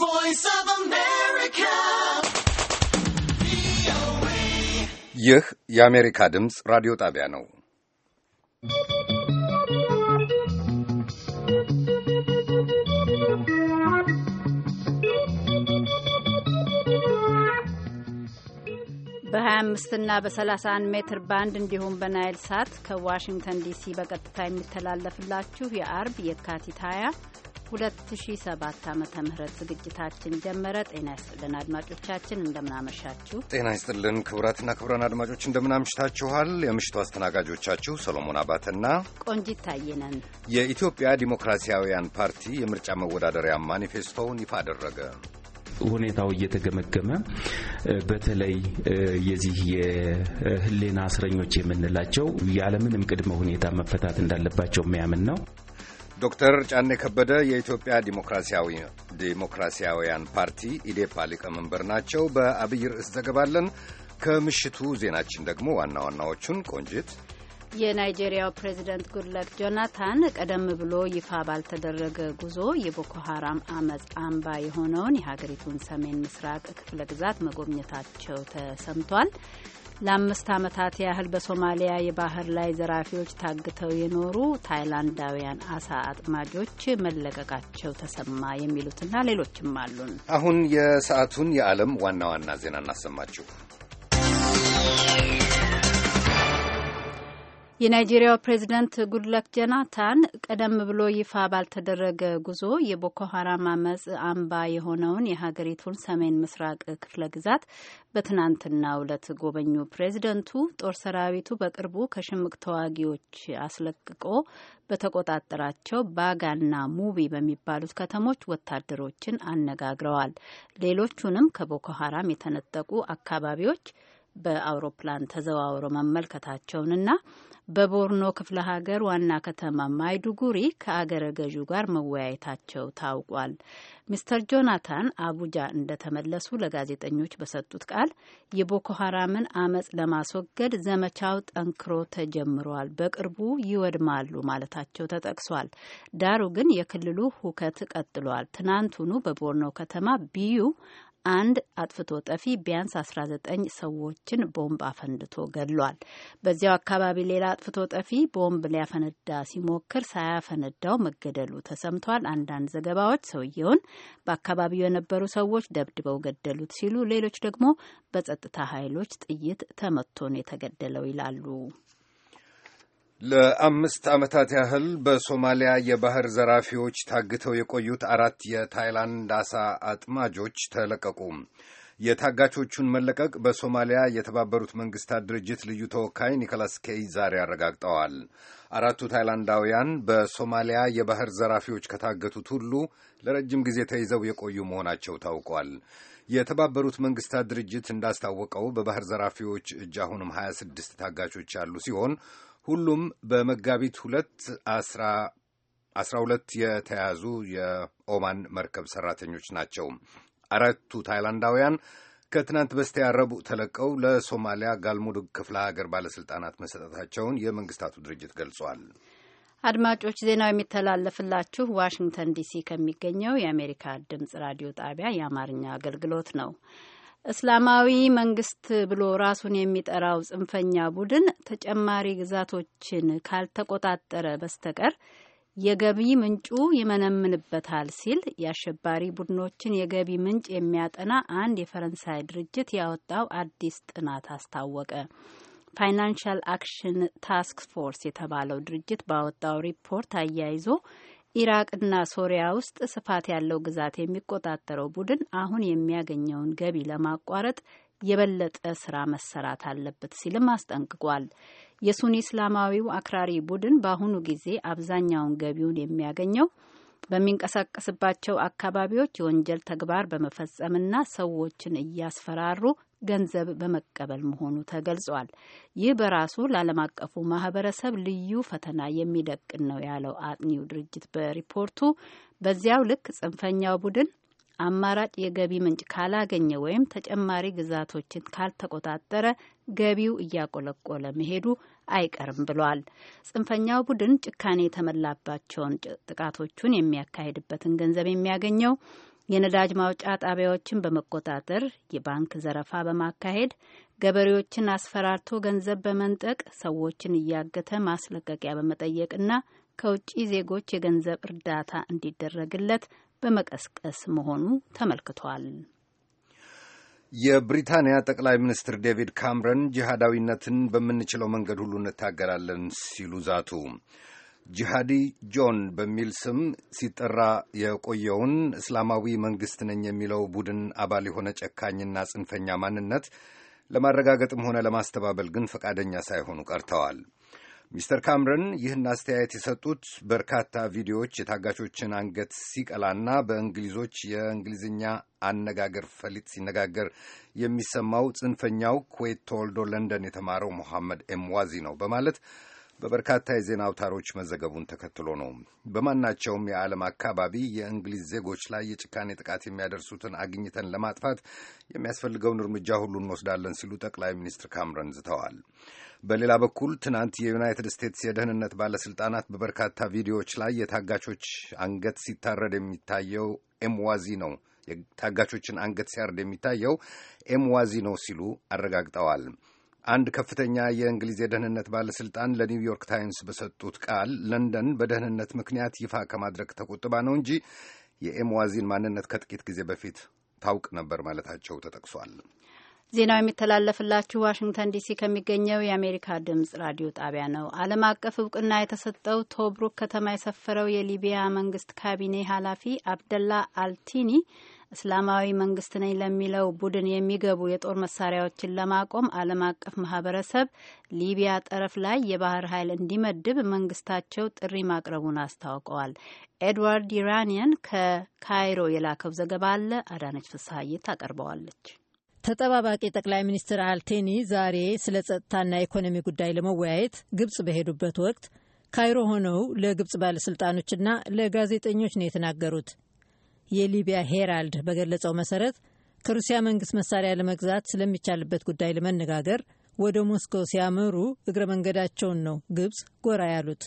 voice of America. ይህ የአሜሪካ ድምፅ ራዲዮ ጣቢያ ነው። በ25 እና በ31 ሜትር ባንድ እንዲሁም በናይል ሳት ከዋሽንግተን ዲሲ በቀጥታ የሚተላለፍላችሁ የአርብ የካቲት 20 2007 ዓ ም ዝግጅታችን ጀመረ። ጤና ይስጥልን አድማጮቻችን፣ እንደምናመሻችሁ። ጤና ይስጥልን ክቡራትና ክቡራን አድማጮች እንደምናምሽታችኋል። የምሽቱ አስተናጋጆቻችሁ ሰሎሞን አባተና ቆንጂት ታየነን። የኢትዮጵያ ዲሞክራሲያውያን ፓርቲ የምርጫ መወዳደሪያ ማኒፌስቶውን ይፋ አደረገ። ሁኔታው እየተገመገመ በተለይ የዚህ የህሌና እስረኞች የምንላቸው ያለምንም ቅድመ ሁኔታ መፈታት እንዳለባቸው የሚያምን ነው። ዶክተር ጫኔ ከበደ የኢትዮጵያ ዲሞክራሲያውያን ፓርቲ ኢዴፓ ሊቀመንበር ናቸው። በአብይ ርዕስ ዘገባለን። ከምሽቱ ዜናችን ደግሞ ዋና ዋናዎቹን ቆንጅት የናይጄሪያው ፕሬዚደንት ጉድለክ ጆናታን ቀደም ብሎ ይፋ ባልተደረገ ጉዞ የቦኮ ሀራም አመፅ አምባ የሆነውን የሀገሪቱን ሰሜን ምስራቅ ክፍለ ግዛት መጎብኘታቸው ተሰምቷል። ለአምስት ዓመታት ያህል በሶማሊያ የባህር ላይ ዘራፊዎች ታግተው የኖሩ ታይላንዳውያን አሳ አጥማጆች መለቀቃቸው ተሰማ የሚሉትና ሌሎችም አሉን። አሁን የሰዓቱን የዓለም ዋና ዋና ዜና እናሰማችሁ። የናይጄሪያው ፕሬዚደንት ጉድለክ ጀናታን ቀደም ብሎ ይፋ ባልተደረገ ጉዞ የቦኮ ሀራም አመጽ አምባ የሆነውን የሀገሪቱን ሰሜን ምስራቅ ክፍለ ግዛት በትናንትና ዕለት ጎበኙ። ፕሬዚደንቱ ጦር ሰራዊቱ በቅርቡ ከሽምቅ ተዋጊዎች አስለቅቆ በተቆጣጠራቸው ባጋና ሙቢ በሚባሉት ከተሞች ወታደሮችን አነጋግረዋል። ሌሎቹንም ከቦኮ ሀራም የተነጠቁ አካባቢዎች በአውሮፕላን ተዘዋውሮ መመልከታቸውንና በቦርኖ ክፍለ ሀገር ዋና ከተማ ማይዱጉሪ ከአገረ ገዢ ጋር መወያየታቸው ታውቋል። ሚስተር ጆናታን አቡጃ እንደተመለሱ ለጋዜጠኞች በሰጡት ቃል የቦኮ ሀራምን አመጽ ለማስወገድ ዘመቻው ጠንክሮ ተጀምሯል፣ በቅርቡ ይወድማሉ ማለታቸው ተጠቅሷል። ዳሩ ግን የክልሉ ሁከት ቀጥሏል። ትናንቱኑ በቦርኖ ከተማ ቢዩ አንድ አጥፍቶ ጠፊ ቢያንስ 19 ሰዎችን ቦምብ አፈንድቶ ገድሏል። በዚያው አካባቢ ሌላ አጥፍቶ ጠፊ ቦምብ ሊያፈነዳ ሲሞክር ሳያፈነዳው መገደሉ ተሰምቷል። አንዳንድ ዘገባዎች ሰውየውን በአካባቢው የነበሩ ሰዎች ደብድበው ገደሉት ሲሉ፣ ሌሎች ደግሞ በጸጥታ ኃይሎች ጥይት ተመቶ ነው የተገደለው ይላሉ። ለአምስት ዓመታት ያህል በሶማሊያ የባህር ዘራፊዎች ታግተው የቆዩት አራት የታይላንድ አሳ አጥማጆች ተለቀቁ። የታጋቾቹን መለቀቅ በሶማሊያ የተባበሩት መንግስታት ድርጅት ልዩ ተወካይ ኒኮላስ ኬይ ዛሬ አረጋግጠዋል። አራቱ ታይላንዳውያን በሶማሊያ የባህር ዘራፊዎች ከታገቱት ሁሉ ለረጅም ጊዜ ተይዘው የቆዩ መሆናቸው ታውቋል። የተባበሩት መንግስታት ድርጅት እንዳስታወቀው በባህር ዘራፊዎች እጅ አሁንም 26 ታጋቾች ያሉ ሲሆን ሁሉም በመጋቢት ሁለት አስራ አስራ ሁለት የተያዙ የኦማን መርከብ ሰራተኞች ናቸው። አራቱ ታይላንዳውያን ከትናንት በስቲያ ረቡዕ ተለቀው ለሶማሊያ ጋልሙዱግ ክፍለ ሀገር ባለስልጣናት መሰጠታቸውን የመንግስታቱ ድርጅት ገልጿል። አድማጮች ዜናው የሚተላለፍላችሁ ዋሽንግተን ዲሲ ከሚገኘው የአሜሪካ ድምጽ ራዲዮ ጣቢያ የአማርኛ አገልግሎት ነው። እስላማዊ መንግስት ብሎ ራሱን የሚጠራው ጽንፈኛ ቡድን ተጨማሪ ግዛቶችን ካልተቆጣጠረ በስተቀር የገቢ ምንጩ ይመነምንበታል ሲል የአሸባሪ ቡድኖችን የገቢ ምንጭ የሚያጠና አንድ የፈረንሳይ ድርጅት ያወጣው አዲስ ጥናት አስታወቀ። ፋይናንሻል አክሽን ታስክ ፎርስ የተባለው ድርጅት ባወጣው ሪፖርት አያይዞ ኢራቅና ሶሪያ ውስጥ ስፋት ያለው ግዛት የሚቆጣጠረው ቡድን አሁን የሚያገኘውን ገቢ ለማቋረጥ የበለጠ ስራ መሰራት አለበት ሲልም አስጠንቅቋል። የሱኒ እስላማዊው አክራሪ ቡድን በአሁኑ ጊዜ አብዛኛውን ገቢውን የሚያገኘው በሚንቀሳቀስባቸው አካባቢዎች የወንጀል ተግባር በመፈጸምና ሰዎችን እያስፈራሩ ገንዘብ በመቀበል መሆኑ ተገልጿል። ይህ በራሱ ለዓለም አቀፉ ማህበረሰብ ልዩ ፈተና የሚደቅን ነው ያለው አጥኒው ድርጅት በሪፖርቱ በዚያው ልክ ጽንፈኛው ቡድን አማራጭ የገቢ ምንጭ ካላገኘ ወይም ተጨማሪ ግዛቶችን ካልተቆጣጠረ ገቢው እያቆለቆለ መሄዱ አይቀርም ብሏል። ጽንፈኛው ቡድን ጭካኔ የተመላባቸውን ጥቃቶቹን የሚያካሄድበትን ገንዘብ የሚያገኘው የነዳጅ ማውጫ ጣቢያዎችን በመቆጣጠር የባንክ ዘረፋ በማካሄድ ገበሬዎችን አስፈራርቶ ገንዘብ በመንጠቅ ሰዎችን እያገተ ማስለቀቂያ በመጠየቅና ከውጭ ዜጎች የገንዘብ እርዳታ እንዲደረግለት በመቀስቀስ መሆኑ ተመልክቷል። የብሪታንያ ጠቅላይ ሚኒስትር ዴቪድ ካምረን ጂሃዳዊነትን በምንችለው መንገድ ሁሉ እንታገላለን ሲሉ ዛቱ። ጂሃዲ ጆን በሚል ስም ሲጠራ የቆየውን እስላማዊ መንግሥት ነኝ የሚለው ቡድን አባል የሆነ ጨካኝና ጽንፈኛ ማንነት ለማረጋገጥም ሆነ ለማስተባበል ግን ፈቃደኛ ሳይሆኑ ቀርተዋል። ሚስተር ካምረን ይህን አስተያየት የሰጡት በርካታ ቪዲዮዎች የታጋቾችን አንገት ሲቀላና በእንግሊዞች የእንግሊዝኛ አነጋገር ፈሊጥ ሲነጋገር የሚሰማው ጽንፈኛው ኩዌት ተወልዶ ለንደን የተማረው ሞሐመድ ኤምዋዚ ነው በማለት በበርካታ የዜና አውታሮች መዘገቡን ተከትሎ ነው። በማናቸውም የዓለም አካባቢ የእንግሊዝ ዜጎች ላይ የጭካኔ ጥቃት የሚያደርሱትን አግኝተን ለማጥፋት የሚያስፈልገውን እርምጃ ሁሉ እንወስዳለን ሲሉ ጠቅላይ ሚኒስትር ካምረን ዝተዋል። በሌላ በኩል ትናንት የዩናይትድ ስቴትስ የደህንነት ባለስልጣናት በበርካታ ቪዲዮዎች ላይ የታጋቾች አንገት ሲታረድ የሚታየው ኤምዋዚ ነው የታጋቾችን አንገት ሲያርድ የሚታየው ኤምዋዚ ነው ሲሉ አረጋግጠዋል። አንድ ከፍተኛ የእንግሊዝ የደህንነት ባለሥልጣን ለኒውዮርክ ታይምስ በሰጡት ቃል ለንደን በደህንነት ምክንያት ይፋ ከማድረግ ተቆጥባ ነው እንጂ የኤምዋዚን ማንነት ከጥቂት ጊዜ በፊት ታውቅ ነበር ማለታቸው ተጠቅሷል። ዜናው የሚተላለፍላችሁ ዋሽንግተን ዲሲ ከሚገኘው የአሜሪካ ድምጽ ራዲዮ ጣቢያ ነው። ዓለም አቀፍ እውቅና የተሰጠው ቶብሩክ ከተማ የሰፈረው የሊቢያ መንግስት ካቢኔ ኃላፊ አብደላ አልቲኒ እስላማዊ መንግስት ነኝ ለሚለው ቡድን የሚገቡ የጦር መሳሪያዎችን ለማቆም ዓለም አቀፍ ማህበረሰብ ሊቢያ ጠረፍ ላይ የባህር ኃይል እንዲመድብ መንግስታቸው ጥሪ ማቅረቡን አስታውቀዋል። ኤድዋርድ ኢራኒየን ከካይሮ የላከው ዘገባ አለ። አዳነች ፍስሀዬ ታቀርበዋለች። ተጠባባቂ ጠቅላይ ሚኒስትር አልቴኒ ዛሬ ስለ ጸጥታና ኢኮኖሚ ጉዳይ ለመወያየት ግብጽ በሄዱበት ወቅት ካይሮ ሆነው ለግብጽ ባለሥልጣኖችና ለጋዜጠኞች ነው የተናገሩት። የሊቢያ ሄራልድ በገለጸው መሰረት ከሩሲያ መንግስት መሳሪያ ለመግዛት ስለሚቻልበት ጉዳይ ለመነጋገር ወደ ሞስኮ ሲያመሩ እግረ መንገዳቸውን ነው ግብፅ ጎራ ያሉት።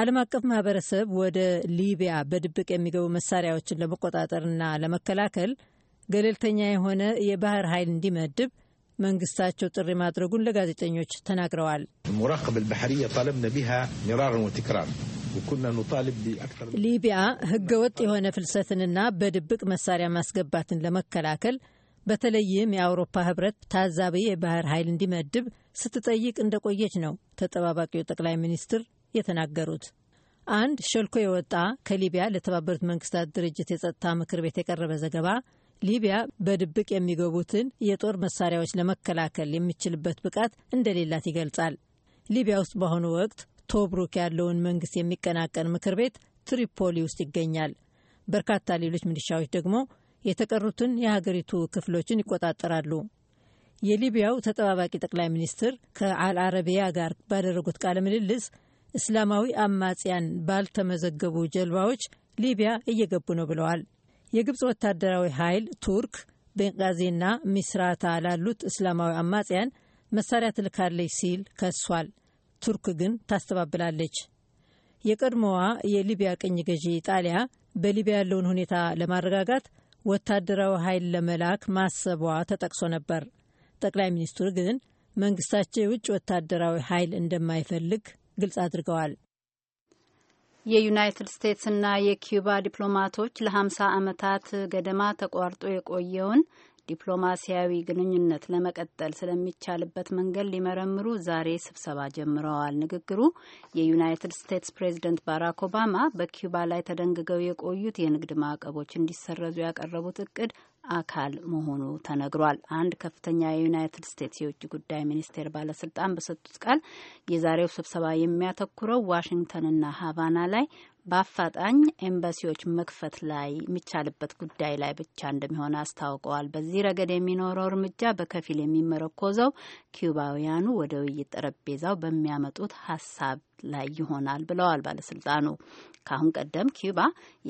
ዓለም አቀፍ ማህበረሰብ ወደ ሊቢያ በድብቅ የሚገቡ መሳሪያዎችን ለመቆጣጠርና ለመከላከል ገለልተኛ የሆነ የባህር ኃይል እንዲመድብ መንግስታቸው ጥሪ ማድረጉን ለጋዜጠኞች ተናግረዋል። ሙራቀብ አልባሕርያ ጠለብነ ቢሃ ሚራርን ወትክራር ሊቢያ ህገወጥ የሆነ ፍልሰትንና በድብቅ መሳሪያ ማስገባትን ለመከላከል በተለይም የአውሮፓ ህብረት ታዛቢ የባህር ኃይል እንዲመድብ ስትጠይቅ እንደቆየች ነው ተጠባባቂው ጠቅላይ ሚኒስትር የተናገሩት። አንድ ሸልኮ የወጣ ከሊቢያ ለተባበሩት መንግስታት ድርጅት የጸጥታ ምክር ቤት የቀረበ ዘገባ ሊቢያ በድብቅ የሚገቡትን የጦር መሳሪያዎች ለመከላከል የሚችልበት ብቃት እንደሌላት ይገልጻል። ሊቢያ ውስጥ በአሁኑ ወቅት ቶብሩክ ያለውን መንግስት የሚቀናቀን ምክር ቤት ትሪፖሊ ውስጥ ይገኛል። በርካታ ሌሎች ሚሊሻዎች ደግሞ የተቀሩትን የሀገሪቱ ክፍሎችን ይቆጣጠራሉ። የሊቢያው ተጠባባቂ ጠቅላይ ሚኒስትር ከአልአረቢያ ጋር ባደረጉት ቃለ ምልልስ እስላማዊ አማጽያን ባልተመዘገቡ ጀልባዎች ሊቢያ እየገቡ ነው ብለዋል። የግብፅ ወታደራዊ ኃይል ቱርክ ቤንጋዚና ሚስራታ ላሉት እስላማዊ አማጽያን መሳሪያ ትልካለች ሲል ከሷል። ቱርክ ግን ታስተባብላለች። የቀድሞዋ የሊቢያ ቅኝ ገዢ ጣሊያ በሊቢያ ያለውን ሁኔታ ለማረጋጋት ወታደራዊ ኃይል ለመላክ ማሰቧ ተጠቅሶ ነበር። ጠቅላይ ሚኒስትሩ ግን መንግስታቸው የውጭ ወታደራዊ ኃይል እንደማይፈልግ ግልጽ አድርገዋል። የዩናይትድ ስቴትስና የኪዩባ ዲፕሎማቶች ለ50 ዓመታት ገደማ ተቋርጦ የቆየውን ዲፕሎማሲያዊ ግንኙነት ለመቀጠል ስለሚቻልበት መንገድ ሊመረምሩ ዛሬ ስብሰባ ጀምረዋል። ንግግሩ የዩናይትድ ስቴትስ ፕሬዚደንት ባራክ ኦባማ በኪውባ ላይ ተደንግገው የቆዩት የንግድ ማዕቀቦች እንዲሰረዙ ያቀረቡት እቅድ አካል መሆኑ ተነግሯል። አንድ ከፍተኛ የዩናይትድ ስቴትስ የውጭ ጉዳይ ሚኒስቴር ባለስልጣን በሰጡት ቃል የዛሬው ስብሰባ የሚያተኩረው ዋሽንግተንና ሀቫና ላይ በአፋጣኝ ኤምባሲዎች መክፈት ላይ የሚቻልበት ጉዳይ ላይ ብቻ እንደሚሆን አስታውቀዋል። በዚህ ረገድ የሚኖረው እርምጃ በከፊል የሚመረኮዘው ኪውባውያኑ ወደ ውይይት ጠረጴዛው በሚያመጡት ሀሳብ ላይ ይሆናል ብለዋል ባለስልጣኑ። ከአሁን ቀደም ኪውባ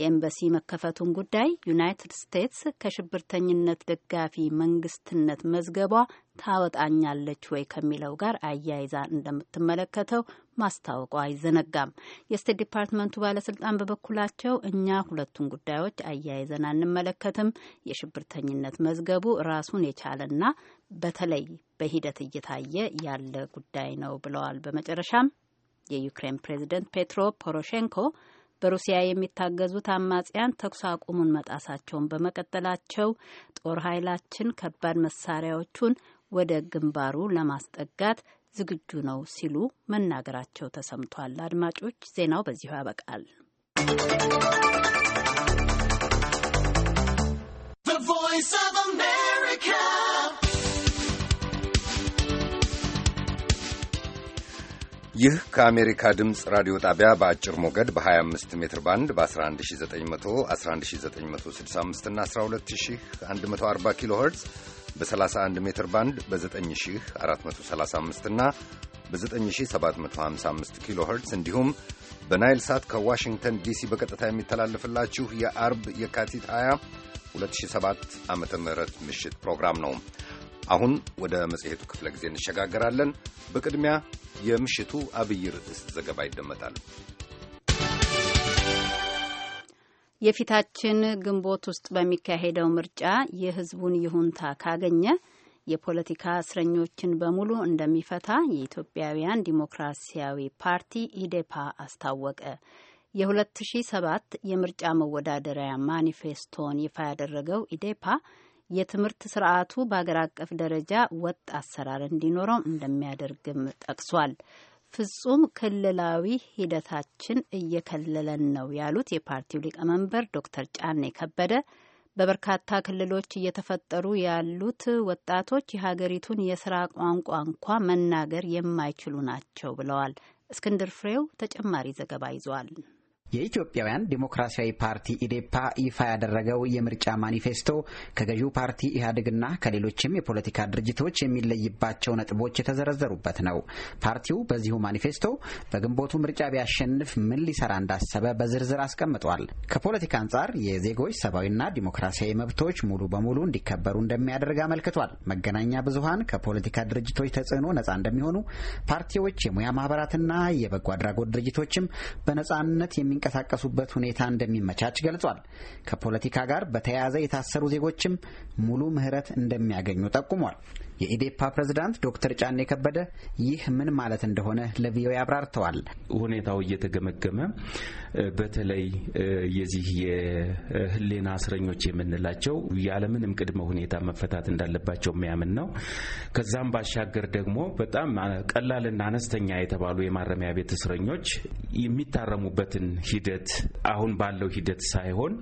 የኤምባሲ መከፈቱን ጉዳይ ዩናይትድ ስቴትስ ከሽብርተኝነት ደጋፊ መንግስትነት መዝገቧ ታወጣኛለች ወይ ከሚለው ጋር አያይዛ እንደምትመለከተው ማስታወቋ አይዘነጋም። የስቴት ዲፓርትመንቱ ባለስልጣን በበኩላቸው እኛ ሁለቱን ጉዳዮች አያይዘን አንመለከትም፣ የሽብርተኝነት መዝገቡ ራሱን የቻለና በተለይ በሂደት እየታየ ያለ ጉዳይ ነው ብለዋል። በመጨረሻም የዩክሬን ፕሬዚደንት ፔትሮ ፖሮሼንኮ በሩሲያ የሚታገዙት አማጽያን ተኩስ አቁሙን መጣሳቸውን በመቀጠላቸው ጦር ኃይላችን ከባድ መሳሪያዎቹን ወደ ግንባሩ ለማስጠጋት ዝግጁ ነው ሲሉ መናገራቸው ተሰምቷል። አድማጮች፣ ዜናው በዚሁ ያበቃል። ይህ ከአሜሪካ ድምፅ ራዲዮ ጣቢያ በአጭር ሞገድ በ25 ሜትር ባንድ በ 11911965 እና 12140 ኪሎ ኸርትዝ በ31 ሜትር ባንድ በ9435 እና በ9755 ኪሎ ኸርትዝ እንዲሁም በናይል ሳት ከዋሽንግተን ዲሲ በቀጥታ የሚተላለፍላችሁ የአርብ የካቲት 20 2007 ዓ ም ምሽት ፕሮግራም ነው። አሁን ወደ መጽሔቱ ክፍለ ጊዜ እንሸጋገራለን። በቅድሚያ የምሽቱ አብይ ርዕስ ዘገባ ይደመጣል። የፊታችን ግንቦት ውስጥ በሚካሄደው ምርጫ የህዝቡን ይሁንታ ካገኘ የፖለቲካ እስረኞችን በሙሉ እንደሚፈታ የኢትዮጵያውያን ዲሞክራሲያዊ ፓርቲ ኢዴፓ አስታወቀ። የ2007 የምርጫ መወዳደሪያ ማኒፌስቶን ይፋ ያደረገው ኢዴፓ የትምህርት ስርዓቱ በአገር አቀፍ ደረጃ ወጥ አሰራር እንዲኖረው እንደሚያደርግም ጠቅሷል። ፍጹም ክልላዊ ሂደታችን እየከለለን ነው ያሉት የፓርቲው ሊቀመንበር ዶክተር ጫኔ ከበደ በበርካታ ክልሎች እየተፈጠሩ ያሉት ወጣቶች የሀገሪቱን የስራ ቋንቋ እንኳ መናገር የማይችሉ ናቸው ብለዋል። እስክንድር ፍሬው ተጨማሪ ዘገባ ይዟል። የኢትዮጵያውያን ዲሞክራሲያዊ ፓርቲ ኢዴፓ ይፋ ያደረገው የምርጫ ማኒፌስቶ ከገዢው ፓርቲ ኢህአዴግና ከሌሎችም የፖለቲካ ድርጅቶች የሚለይባቸው ነጥቦች የተዘረዘሩበት ነው። ፓርቲው በዚሁ ማኒፌስቶ በግንቦቱ ምርጫ ቢያሸንፍ ምን ሊሰራ እንዳሰበ በዝርዝር አስቀምጧል። ከፖለቲካ አንጻር የዜጎች ሰብአዊና ዲሞክራሲያዊ መብቶች ሙሉ በሙሉ እንዲከበሩ እንደሚያደርግ አመልክቷል። መገናኛ ብዙሀን ከፖለቲካ ድርጅቶች ተጽዕኖ ነጻ እንደሚሆኑ ፓርቲዎች፣ የሙያ ማህበራትና የበጎ አድራጎት ድርጅቶችም በነጻነት የሚ የሚንቀሳቀሱበት ሁኔታ እንደሚመቻች ገልጿል። ከፖለቲካ ጋር በተያያዘ የታሰሩ ዜጎችም ሙሉ ምህረት እንደሚያገኙ ጠቁሟል። የኢዴፓ ፕሬዝዳንት ዶክተር ጫኔ ከበደ ይህ ምን ማለት እንደሆነ ለቪኦኤ አብራርተዋል። ሁኔታው እየተገመገመ በተለይ የዚህ የህሌና እስረኞች የምንላቸው ያለምንም ቅድመ ሁኔታ መፈታት እንዳለባቸው የሚያምን ነው። ከዛም ባሻገር ደግሞ በጣም ቀላልና አነስተኛ የተባሉ የማረሚያ ቤት እስረኞች የሚታረሙበትን ሂደት አሁን ባለው ሂደት ሳይሆን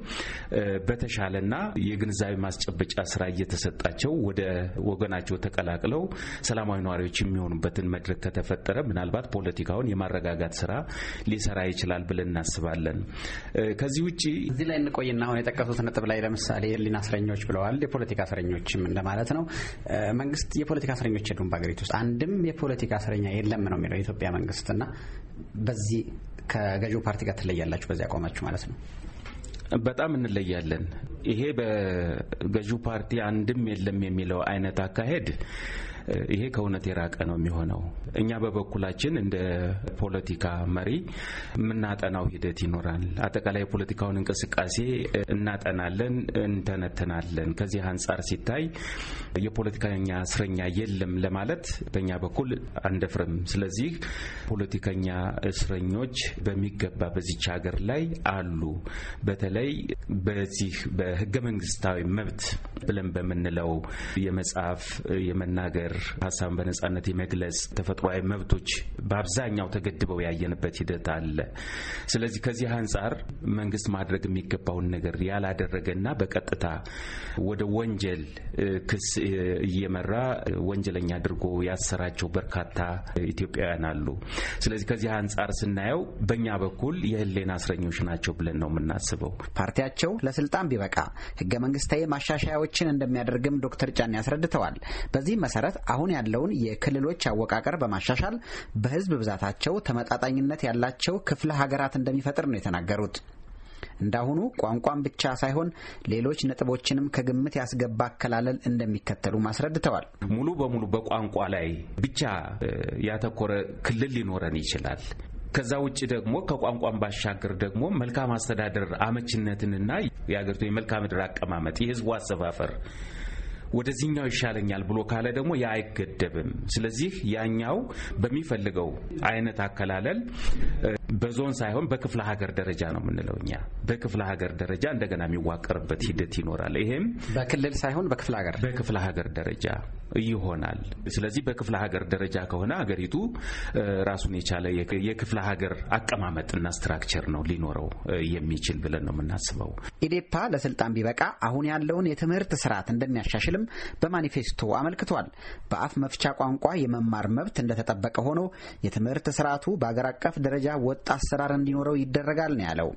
በተሻለና የግንዛቤ ማስጨበጫ ስራ እየተሰጣቸው ወደ ወገናቸው ተቀላቅለው ሰላማዊ ነዋሪዎች የሚሆኑበትን መድረክ ከተፈጠረ ምናልባት ፖለቲካውን የማረጋጋት ስራ ሊሰራ ይችላል ብለን እናስባለን። ከዚህ ውጭ እዚህ ላይ እንቆይና አሁን የጠቀሱት ነጥብ ላይ ለምሳሌ ህሊና እስረኞች ብለዋል። የፖለቲካ እስረኞችም እንደማለት ነው። መንግስት የፖለቲካ እስረኞች የሉም በሀገሪቱ ውስጥ አንድም የፖለቲካ እስረኛ የለም ነው የሚለው የኢትዮጵያ መንግስትና በዚህ ከገዢው ፓርቲ ጋር ትለያላችሁ በዚህ አቋማችሁ ማለት ነው። በጣም እንለያለን። ይሄ በገዢው ፓርቲ አንድም የለም የሚለው አይነት አካሄድ ይሄ ከእውነት የራቀ ነው የሚሆነው። እኛ በበኩላችን እንደ ፖለቲካ መሪ የምናጠናው ሂደት ይኖራል። አጠቃላይ የፖለቲካውን እንቅስቃሴ እናጠናለን፣ እንተነትናለን። ከዚህ አንጻር ሲታይ የፖለቲከኛ እስረኛ የለም ለማለት በእኛ በኩል አንደፍርም። ስለዚህ ፖለቲከኛ እስረኞች በሚገባ በዚች ሀገር ላይ አሉ። በተለይ በዚህ በህገ መንግስታዊ መብት ብለን በምንለው የመጻፍ የመናገር የመናገር ሀሳብን በነጻነት የመግለጽ ተፈጥሯዊ መብቶች በአብዛኛው ተገድበው ያየንበት ሂደት አለ። ስለዚህ ከዚህ አንጻር መንግስት ማድረግ የሚገባውን ነገር ያላደረገና በቀጥታ ወደ ወንጀል ክስ እየመራ ወንጀለኛ አድርጎ ያሰራቸው በርካታ ኢትዮጵያውያን አሉ። ስለዚህ ከዚህ አንጻር ስናየው በእኛ በኩል የህሌና እስረኞች ናቸው ብለን ነው የምናስበው። ፓርቲያቸው ለስልጣን ቢበቃ ህገ መንግስታዊ ማሻሻያዎችን እንደሚያደርግም ዶክተር ጫኔ አስረድተዋል። በዚህም መሰረት አሁን ያለውን የክልሎች አወቃቀር በማሻሻል በህዝብ ብዛታቸው ተመጣጣኝነት ያላቸው ክፍለ ሀገራት እንደሚፈጥር ነው የተናገሩት። እንዳሁኑ ቋንቋን ብቻ ሳይሆን ሌሎች ነጥቦችንም ከግምት ያስገባ አከላለል እንደሚከተሉ ማስረድተዋል። ሙሉ በሙሉ በቋንቋ ላይ ብቻ ያተኮረ ክልል ሊኖረን ይችላል። ከዛ ውጭ ደግሞ ከቋንቋን ባሻገር ደግሞ መልካም አስተዳደር አመችነትንና የሀገሪቱ የመልካም ምድር አቀማመጥ፣ የህዝቡ አሰፋፈር ወደዚህኛው ይሻለኛል ብሎ ካለ ደግሞ ያ አይገደብም። ስለዚህ ያኛው በሚፈልገው አይነት አከላለል በዞን ሳይሆን በክፍለ ሀገር ደረጃ ነው የምንለው እኛ። በክፍለ ሀገር ደረጃ እንደገና የሚዋቀርበት ሂደት ይኖራል። ይሄም በክልል ሳይሆን በክፍለ ሀገር በክፍለ ሀገር ደረጃ ይሆናል። ስለዚህ በክፍለ ሀገር ደረጃ ከሆነ ሀገሪቱ ራሱን የቻለ የክፍለ ሀገር አቀማመጥና ስትራክቸር ነው ሊኖረው የሚችል ብለን ነው የምናስበው። ኢዴፓ ለስልጣን ቢበቃ አሁን ያለውን የትምህርት ስርዓት እንደሚያሻሽልም በማኒፌስቶ አመልክቷል። በአፍ መፍቻ ቋንቋ የመማር መብት እንደተጠበቀ ሆኖ የትምህርት ስርዓቱ በአገር አቀፍ ደረጃ ወ ወጥ አሰራር እንዲኖረው ይደረጋል ነው ያለው።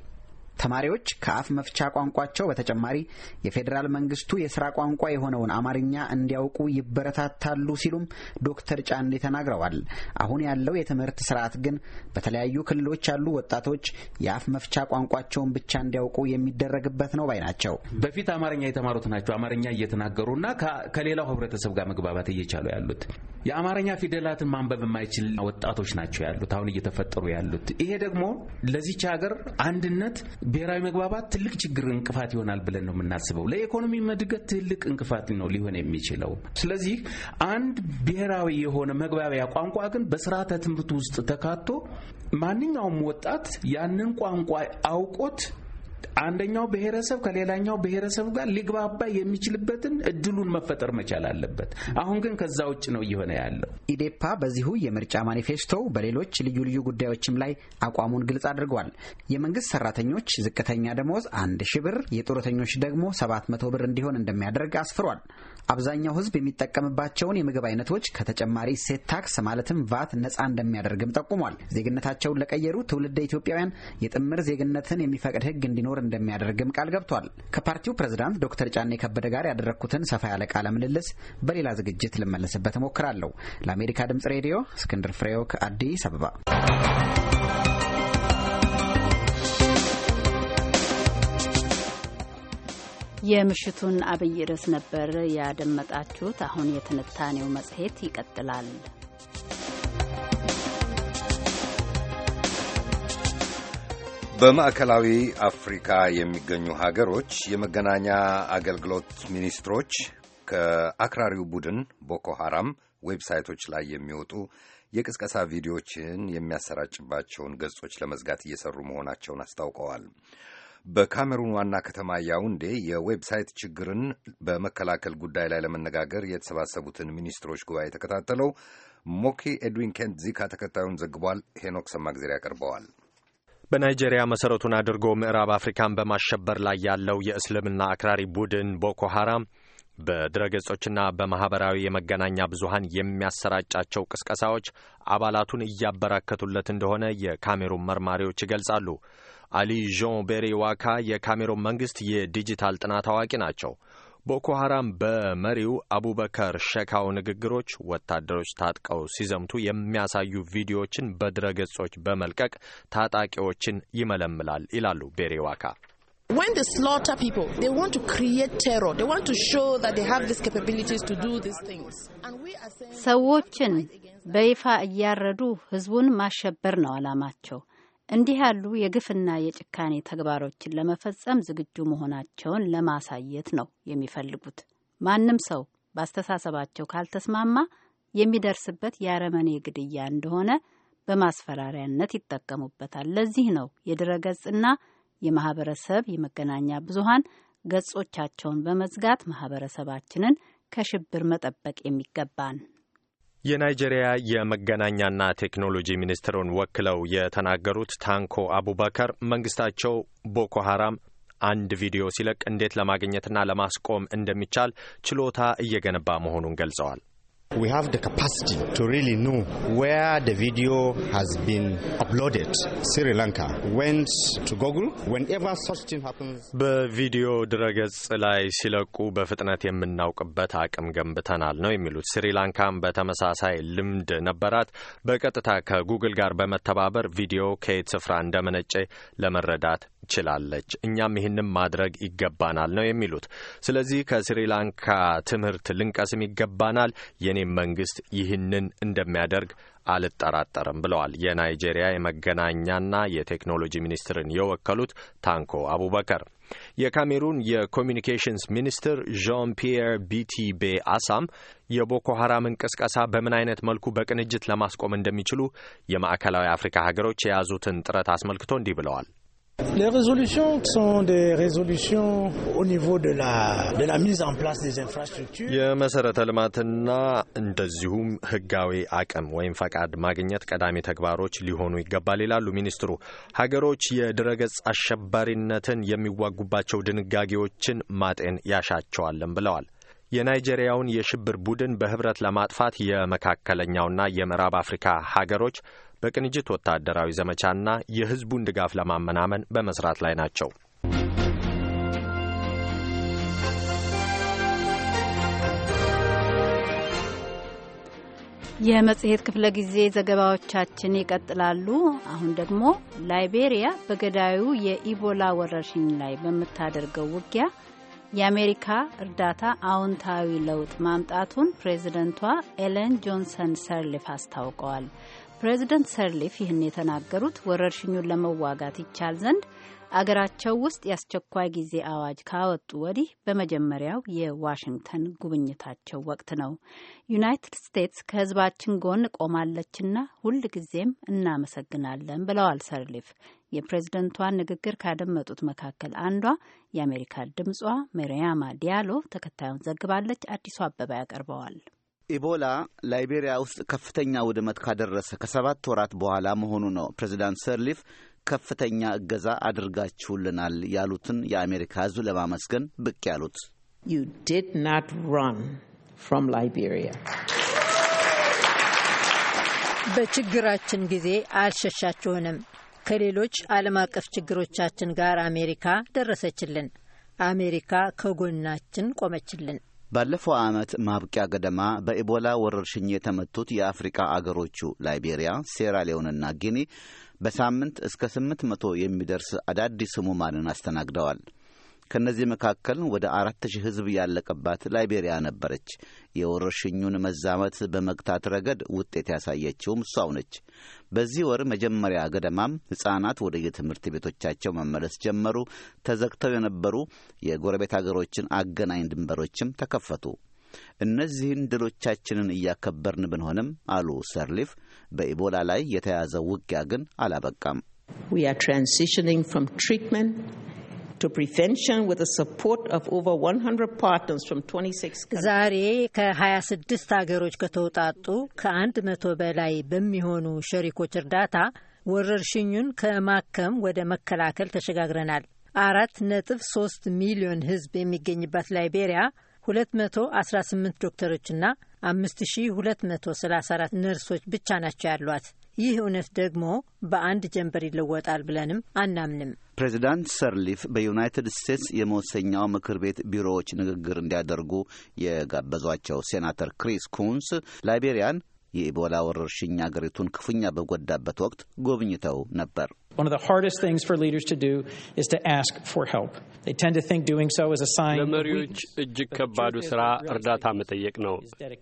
ተማሪዎች ከአፍ መፍቻ ቋንቋቸው በተጨማሪ የፌዴራል መንግስቱ የስራ ቋንቋ የሆነውን አማርኛ እንዲያውቁ ይበረታታሉ ሲሉም ዶክተር ጫኔ ተናግረዋል። አሁን ያለው የትምህርት ስርዓት ግን በተለያዩ ክልሎች ያሉ ወጣቶች የአፍ መፍቻ ቋንቋቸውን ብቻ እንዲያውቁ የሚደረግበት ነው ባይ ናቸው። በፊት አማርኛ የተማሩት ናቸው አማርኛ እየተናገሩና ከሌላው ህብረተሰብ ጋር መግባባት እየቻሉ ያሉት የአማርኛ ፊደላትን ማንበብ የማይችል ወጣቶች ናቸው ያሉት አሁን እየተፈጠሩ ያሉት። ይሄ ደግሞ ለዚች ሀገር አንድነት ብሔራዊ መግባባት ትልቅ ችግር እንቅፋት ይሆናል ብለን ነው የምናስበው። ለኢኮኖሚ መድገት ትልቅ እንቅፋት ነው ሊሆን የሚችለው። ስለዚህ አንድ ብሔራዊ የሆነ መግባቢያ ቋንቋ ግን በስርዓተ ትምህርት ውስጥ ተካቶ ማንኛውም ወጣት ያንን ቋንቋ አውቆት አንደኛው ብሔረሰብ ከሌላኛው ብሔረሰብ ጋር ሊግባባ የሚችልበትን እድሉን መፈጠር መቻል አለበት። አሁን ግን ከዛ ውጭ ነው እየሆነ ያለው። ኢዴፓ በዚሁ የምርጫ ማኒፌስቶው በሌሎች ልዩ ልዩ ጉዳዮችም ላይ አቋሙን ግልጽ አድርጓል። የመንግስት ሰራተኞች ዝቅተኛ ደሞዝ አንድ ሺ ብር፣ የጡረተኞች ደግሞ ሰባት መቶ ብር እንዲሆን እንደሚያደርግ አስፍሯል። አብዛኛው ሕዝብ የሚጠቀምባቸውን የምግብ አይነቶች ከተጨማሪ ሴት ታክስ ማለትም ቫት ነጻ እንደሚያደርግም ጠቁሟል። ዜግነታቸውን ለቀየሩ ትውልደ ኢትዮጵያውያን የጥምር ዜግነትን የሚፈቅድ ሕግ እንዲኖር እንደሚያደርግም ቃል ገብቷል። ከፓርቲው ፕሬዝዳንት ዶክተር ጫኔ ከበደ ጋር ያደረግኩትን ሰፋ ያለ ቃለ ምልልስ በሌላ ዝግጅት ልመለስበት እሞክራለሁ። ለአሜሪካ ድምጽ ሬዲዮ እስክንድር ፍሬው ከአዲስ አበባ የምሽቱን አብይ ርዕስ ነበር ያደመጣችሁት። አሁን የትንታኔው መጽሔት ይቀጥላል። በማዕከላዊ አፍሪካ የሚገኙ ሀገሮች የመገናኛ አገልግሎት ሚኒስትሮች ከአክራሪው ቡድን ቦኮ ሐራም ዌብሳይቶች ላይ የሚወጡ የቅስቀሳ ቪዲዮዎችን የሚያሰራጭባቸውን ገጾች ለመዝጋት እየሰሩ መሆናቸውን አስታውቀዋል። በካሜሩን ዋና ከተማ ያውንዴ የዌብሳይት ችግርን በመከላከል ጉዳይ ላይ ለመነጋገር የተሰባሰቡትን ሚኒስትሮች ጉባኤ ተከታተለው ሞኪ ኤድዊን ኬንት ዚካ ተከታዩን ዘግቧል። ሄኖክ ሰማግዜር ያቀርበዋል። በናይጄሪያ መሰረቱን አድርጎ ምዕራብ አፍሪካን በማሸበር ላይ ያለው የእስልምና አክራሪ ቡድን ቦኮ ሐራም በድረገጾችና በማኅበራዊ የመገናኛ ብዙሃን የሚያሰራጫቸው ቅስቀሳዎች አባላቱን እያበራከቱለት እንደሆነ የካሜሩን መርማሪዎች ይገልጻሉ። አሊ ዦን ቤሬ ዋካ የካሜሮን መንግሥት የዲጂታል ጥናት አዋቂ ናቸው። ቦኮ ሐራም በመሪው አቡበከር ሸካው ንግግሮች ወታደሮች ታጥቀው ሲዘምቱ የሚያሳዩ ቪዲዮዎችን በድረ ገጾች በመልቀቅ ታጣቂዎችን ይመለምላል ይላሉ ቤሬ ዋካ። ሰዎችን በይፋ እያረዱ ህዝቡን ማሸበር ነው አላማቸው። እንዲህ ያሉ የግፍና የጭካኔ ተግባሮችን ለመፈጸም ዝግጁ መሆናቸውን ለማሳየት ነው የሚፈልጉት። ማንም ሰው ባስተሳሰባቸው ካልተስማማ የሚደርስበት የአረመኔ ግድያ እንደሆነ በማስፈራሪያነት ይጠቀሙበታል። ለዚህ ነው የድረገጽና የማህበረሰብ የመገናኛ ብዙሃን ገጾቻቸውን በመዝጋት ማህበረሰባችንን ከሽብር መጠበቅ የሚገባን የናይጄሪያ የመገናኛና ቴክኖሎጂ ሚኒስትሩን ወክለው የተናገሩት ታንኮ አቡበከር መንግስታቸው ቦኮ ሀራም አንድ ቪዲዮ ሲለቅ እንዴት ለማግኘትና ለማስቆም እንደሚቻል ችሎታ እየገነባ መሆኑን ገልጸዋል። We have the capacity to really know where the video has been uploaded. Sri Lanka went to Google whenever such thing happens. በቪዲዮ ድረገጽ ላይ ሲለቁ በፍጥነት የምናውቅበት አቅም ገንብተናል ነው የሚሉት። ስሪላንካም በተመሳሳይ ልምድ ነበራት። በቀጥታ ከጉግል ጋር በመተባበር ቪዲዮ ከየት ስፍራ እንደመነጨ ለመረዳት ችላለች። እኛም ይህንም ማድረግ ይገባናል ነው የሚሉት። ስለዚህ ከስሪላንካ ትምህርት ልንቀስም ይገባናል። የኔ የኔም መንግስት ይህንን እንደሚያደርግ አልጠራጠርም ብለዋል የናይጄሪያ የመገናኛና የቴክኖሎጂ ሚኒስትርን የወከሉት ታንኮ አቡበከር። የካሜሩን የኮሚኒኬሽንስ ሚኒስትር ዣን ፒየር ቢቲቤ አሳም የቦኮ ሀራምን ቅስቀሳ በምን አይነት መልኩ በቅንጅት ለማስቆም እንደሚችሉ የማዕከላዊ አፍሪካ ሀገሮች የያዙትን ጥረት አስመልክቶ እንዲህ ብለዋል። የመሰረተ ልማትና እንደዚሁም ህጋዊ አቅም ወይም ፈቃድ ማግኘት ቀዳሚ ተግባሮች ሊሆኑ ይገባል ይላሉ ሚኒስትሩ። ሀገሮች የድረገጽ አሸባሪነትን የሚዋጉባቸው ድንጋጌዎችን ማጤን ያሻቸዋለን ብለዋል። የናይጄሪያውን የሽብር ቡድን በህብረት ለማጥፋት የመካከለኛውና የምዕራብ አፍሪካ ሀገሮች በቅንጅት ወታደራዊ ዘመቻና የህዝቡን ድጋፍ ለማመናመን በመስራት ላይ ናቸው። የመጽሔት ክፍለ ጊዜ ዘገባዎቻችን ይቀጥላሉ። አሁን ደግሞ ላይቤሪያ በገዳዩ የኢቦላ ወረርሽኝ ላይ በምታደርገው ውጊያ የአሜሪካ እርዳታ አዎንታዊ ለውጥ ማምጣቱን ፕሬዝደንቷ ኤለን ጆንሰን ሰርሊፍ አስታውቀዋል። ፕሬዝደንት ሰርሊፍ ይህን የተናገሩት ወረርሽኙን ለመዋጋት ይቻል ዘንድ አገራቸው ውስጥ የአስቸኳይ ጊዜ አዋጅ ካወጡ ወዲህ በመጀመሪያው የዋሽንግተን ጉብኝታቸው ወቅት ነው። ዩናይትድ ስቴትስ ከህዝባችን ጎን ቆማለችና ሁል ጊዜም እናመሰግናለን ብለዋል ሰርሊፍ። የፕሬዝደንቷን ንግግር ካደመጡት መካከል አንዷ የአሜሪካ ድምጿ መሪያማ ዲያሎ ተከታዩን ዘግባለች። አዲሱ አበባ ያቀርበዋል። ኢቦላ ላይቤሪያ ውስጥ ከፍተኛ ውድመት ካደረሰ ከሰባት ወራት በኋላ መሆኑ ነው ፕሬዚዳንት ሰርሊፍ ከፍተኛ እገዛ አድርጋችሁልናል ያሉትን የአሜሪካ ሕዝብ ለማመስገን ብቅ ያሉት ዩ did not run from በችግራችን ጊዜ አልሸሻችሁንም። ከሌሎች ዓለም አቀፍ ችግሮቻችን ጋር አሜሪካ ደረሰችልን። አሜሪካ ከጎናችን ቆመችልን። ባለፈው ዓመት ማብቂያ ገደማ በኢቦላ ወረርሽኝ የተመቱት የአፍሪካ አገሮቹ ላይቤሪያ፣ ሴራሊዮንና ጊኒ በሳምንት እስከ ስምንት መቶ የሚደርስ አዳዲስ ሕሙማንን አስተናግደዋል። ከእነዚህ መካከል ወደ አራት ሺህ ሕዝብ ያለቀባት ላይቤሪያ ነበረች። የወረርሽኙን መዛመት በመግታት ረገድ ውጤት ያሳየችውም እሷው ነች። በዚህ ወር መጀመሪያ ገደማም ሕጻናት ወደ የትምህርት ቤቶቻቸው መመለስ ጀመሩ። ተዘግተው የነበሩ የጎረቤት አገሮችን አገናኝ ድንበሮችም ተከፈቱ። እነዚህን ድሎቻችንን እያከበርን ብንሆንም አሉ ሰርሊፍ፣ በኢቦላ ላይ የተያዘው ውጊያ ግን አላበቃም። We are transitioning from treatment ዛሬ ከ26 ሀገሮች ከተውጣጡ ከአንድ መቶ በላይ በሚሆኑ ሸሪኮች እርዳታ ወረርሽኙን ከማከም ወደ መከላከል ተሸጋግረናል። አራት ነጥብ ሶስት ሚሊዮን ህዝብ የሚገኝባት ላይቤሪያ 218 ዶክተሮችና 5234 ነርሶች ብቻ ናቸው ያሏት። ይህ እውነት ደግሞ በአንድ ጀንበር ይለወጣል ብለንም አናምንም። ፕሬዚዳንት ሰርሊፍ በዩናይትድ ስቴትስ የመወሰኛው ምክር ቤት ቢሮዎች ንግግር እንዲያደርጉ የጋበዟቸው ሴናተር ክሪስ ኩንስ ላይቤሪያን የኢቦላ ወረርሽኝ አገሪቱን ክፉኛ በጎዳበት ወቅት ጎብኝተው ነበር። ለመሪዎች እጅግ ከባዱ ሥራ እርዳታ መጠየቅ ነው።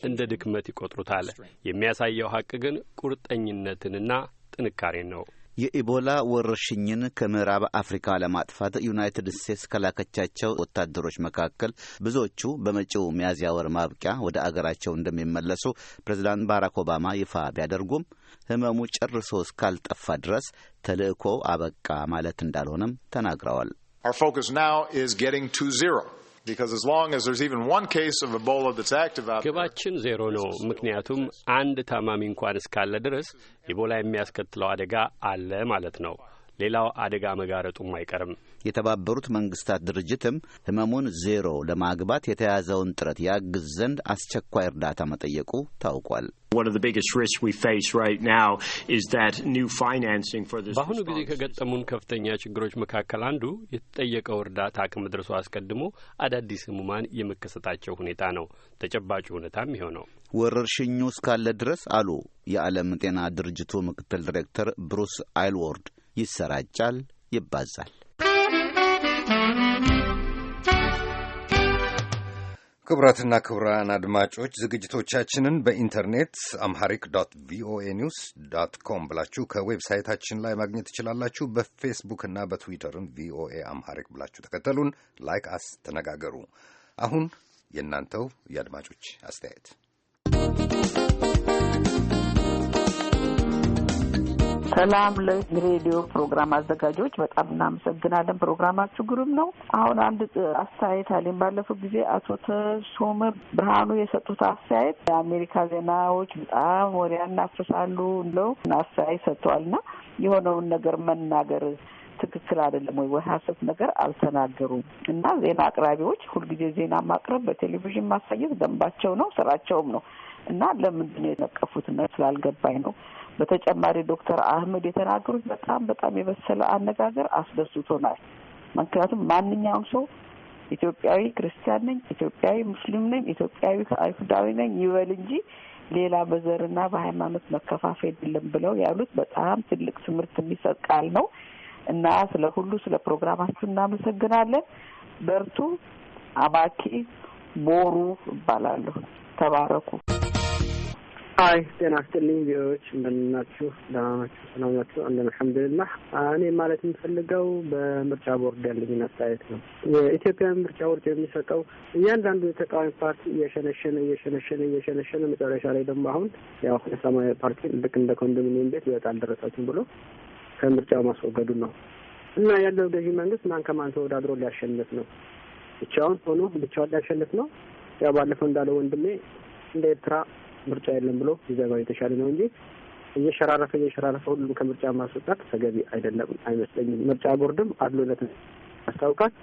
እንደ ድክመት ይቆጥሩታል። የሚያሳየው ሀቅ ግን ቁርጠኝነትንና ጥንካሬን ነው። የኢቦላ ወረርሽኝን ከምዕራብ አፍሪካ ለማጥፋት ዩናይትድ ስቴትስ ከላከቻቸው ወታደሮች መካከል ብዙዎቹ በመጪው ሚያዝያ ወር ማብቂያ ወደ አገራቸው እንደሚመለሱ ፕሬዚዳንት ባራክ ኦባማ ይፋ ቢያደርጉም ሕመሙ ጨርሶ እስካልጠፋ ድረስ ተልእኮ አበቃ ማለት እንዳልሆነም ተናግረዋል። Our focus now is getting to zero. ግባችን ዜሮ ነው። ምክንያቱም አንድ ታማሚ እንኳን እስካለ ድረስ ኢቦላ የሚያስከትለው አደጋ አለ ማለት ነው። ሌላው አደጋ መጋረጡም አይቀርም። የተባበሩት መንግስታት ድርጅትም ህመሙን ዜሮ ለማግባት የተያዘውን ጥረት ያግዝ ዘንድ አስቸኳይ እርዳታ መጠየቁ ታውቋል። በአሁኑ ጊዜ ከገጠሙን ከፍተኛ ችግሮች መካከል አንዱ የተጠየቀው እርዳታ ከመድረሱ አስቀድሞ አዳዲስ ህሙማን የመከሰታቸው ሁኔታ ነው። ተጨባጭ እውነታም የሆነው ወረርሽኙ እስካለ ድረስ አሉ የዓለም ጤና ድርጅቱ ምክትል ዲሬክተር ብሩስ አይልዎርድ። ይሰራጫል፣ ይባዛል። ክቡራትና ክቡራን አድማጮች ዝግጅቶቻችንን በኢንተርኔት አምሃሪክ ዶት ቪኦኤ ኒውስ ዶት ኮም ብላችሁ ከዌብሳይታችን ላይ ማግኘት ትችላላችሁ። በፌስቡክ በትዊተርም ቪኦኤ አምሃሪክ ብላችሁ ተከተሉን፣ ላይክ አስ፣ ተነጋገሩ። አሁን የእናንተው የአድማጮች አስተያየት ሰላም ለሬዲዮ ፕሮግራም አዘጋጆች በጣም እናመሰግናለን። ፕሮግራማችሁ ግሩም ነው። አሁን አንድ አስተያየት አለኝ። ባለፈው ጊዜ አቶ ተሾመ ብርሃኑ የሰጡት አስተያየት የአሜሪካ ዜናዎች በጣም ወሬ ያናፍሳሉ ብለው አስተያየት ሰጥተዋል እና የሆነውን ነገር መናገር ትክክል አይደለም ወይ ወይ ሀሰት ነገር አልተናገሩም እና ዜና አቅራቢዎች ሁልጊዜ ዜና ማቅረብ በቴሌቪዥን ማሳየት ደንባቸው ነው፣ ስራቸውም ነው እና ለምንድን ነው የነቀፉት ነው ስላልገባኝ ነው። በተጨማሪ ዶክተር አህመድ የተናገሩት በጣም በጣም የበሰለ አነጋገር አስደስቶናል። ምክንያቱም ማንኛውም ሰው ኢትዮጵያዊ ክርስቲያን ነኝ፣ ኢትዮጵያዊ ሙስሊም ነኝ፣ ኢትዮጵያዊ አይሁዳዊ ነኝ ይበል እንጂ ሌላ በዘርና በሃይማኖት መከፋፈ የለም ብለው ያሉት በጣም ትልቅ ትምህርት የሚሰጥ ቃል ነው እና ስለ ሁሉ ስለ ፕሮግራማችሁ እናመሰግናለን። በርቱ። አባኪ ቦሩ እባላለሁ። ተባረኩ። አይ ጤና ይስጥልኝ ቪዎች እንደምናችሁ ደህናናችሁ ሰላም ናችሁ አልሐምዱሊላህ እኔ ማለት የምፈልገው በምርጫ ቦርድ ያለኝን አስተያየት ነው የኢትዮጵያ ምርጫ ቦርድ የሚሰጠው እያንዳንዱ የተቃዋሚ ፓርቲ እየሸነሸነ እየሸነሸነ እየሸነሸነ መጨረሻ ላይ ደግሞ አሁን ያው የሰማያዊ ፓርቲ ልክ እንደ ኮንዶሚኒየም ቤት ይወጣ አልደረሳችሁም ብሎ ከምርጫው ማስወገዱ ነው እና ያለው ገዢ መንግስት ማን ከማን ተወዳድሮ ሊያሸንፍ ነው ብቻውን ሆኖ ብቻውን ሊያሸንፍ ነው ያው ባለፈው እንዳለው ወንድሜ እንደ ኤርትራ ምርጫ የለም ብሎ ቢዘጋው የተሻለ ነው እንጂ እየሸራረፈ እየሸራረፈ ሁሉም ከምርጫ ማስወጣት ተገቢ አይደለም አይመስለኝም። ምርጫ ቦርድም አድሎነት ያስታውቃል።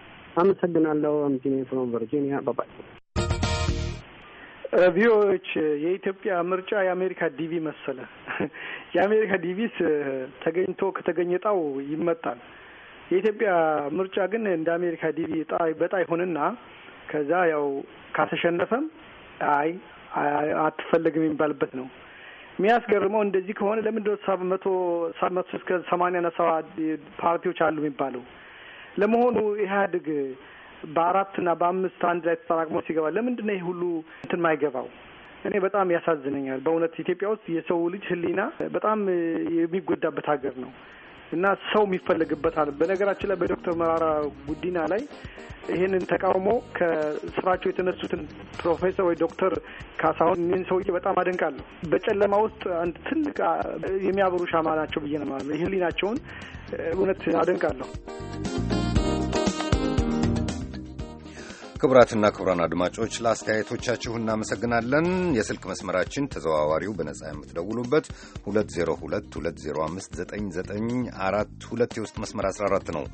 አመሰግናለሁ። አምቲኔ ፍሮም ቨርጂኒያ ባባይ ቪኦኤዎች የኢትዮጵያ ምርጫ የአሜሪካ ዲቪ መሰለ። የአሜሪካ ዲቪስ ተገኝቶ ከተገኘ ጣው ይመጣል። የኢትዮጵያ ምርጫ ግን እንደ አሜሪካ ዲቪ በጣ ይሆንና ከዛ ያው ካተሸነፈም አይ አትፈለግም የሚባልበት ነው። የሚያስገርመው እንደዚህ ከሆነ ለምንድን ነው ሰብ መቶ መቶ እስከ ሰማንያና ሰባ ፓርቲዎች አሉ የሚባለው? ለመሆኑ ኢህአዴግ በአራትና በአምስት አንድ ላይ ተጠራቅሞ ሲገባ ለምንድነው ይህ ሁሉ እንትን ማይገባው? እኔ በጣም ያሳዝነኛል በእውነት ኢትዮጵያ ውስጥ የሰው ልጅ ህሊና በጣም የሚጎዳበት ሀገር ነው። እና ሰው የሚፈለግበታል። በነገራችን ላይ በዶክተር መራራ ጉዲና ላይ ይህንን ተቃውሞ ከስራቸው የተነሱትን ፕሮፌሰር ወይ ዶክተር ካሳሁን እኒህን ሰውዬ በጣም አደንቃለሁ። በጨለማ ውስጥ አንድ ትልቅ የሚያበሩ ሻማ ናቸው ብዬ ነው ማለት ነው። እውነት አደንቃለሁ። ክቡራትና ክቡራን አድማጮች ለአስተያየቶቻችሁ እናመሰግናለን። የስልክ መስመራችን ተዘዋዋሪው በነጻ የምትደውሉበት 2022059942 የውስጥ መስመር 14 ነው።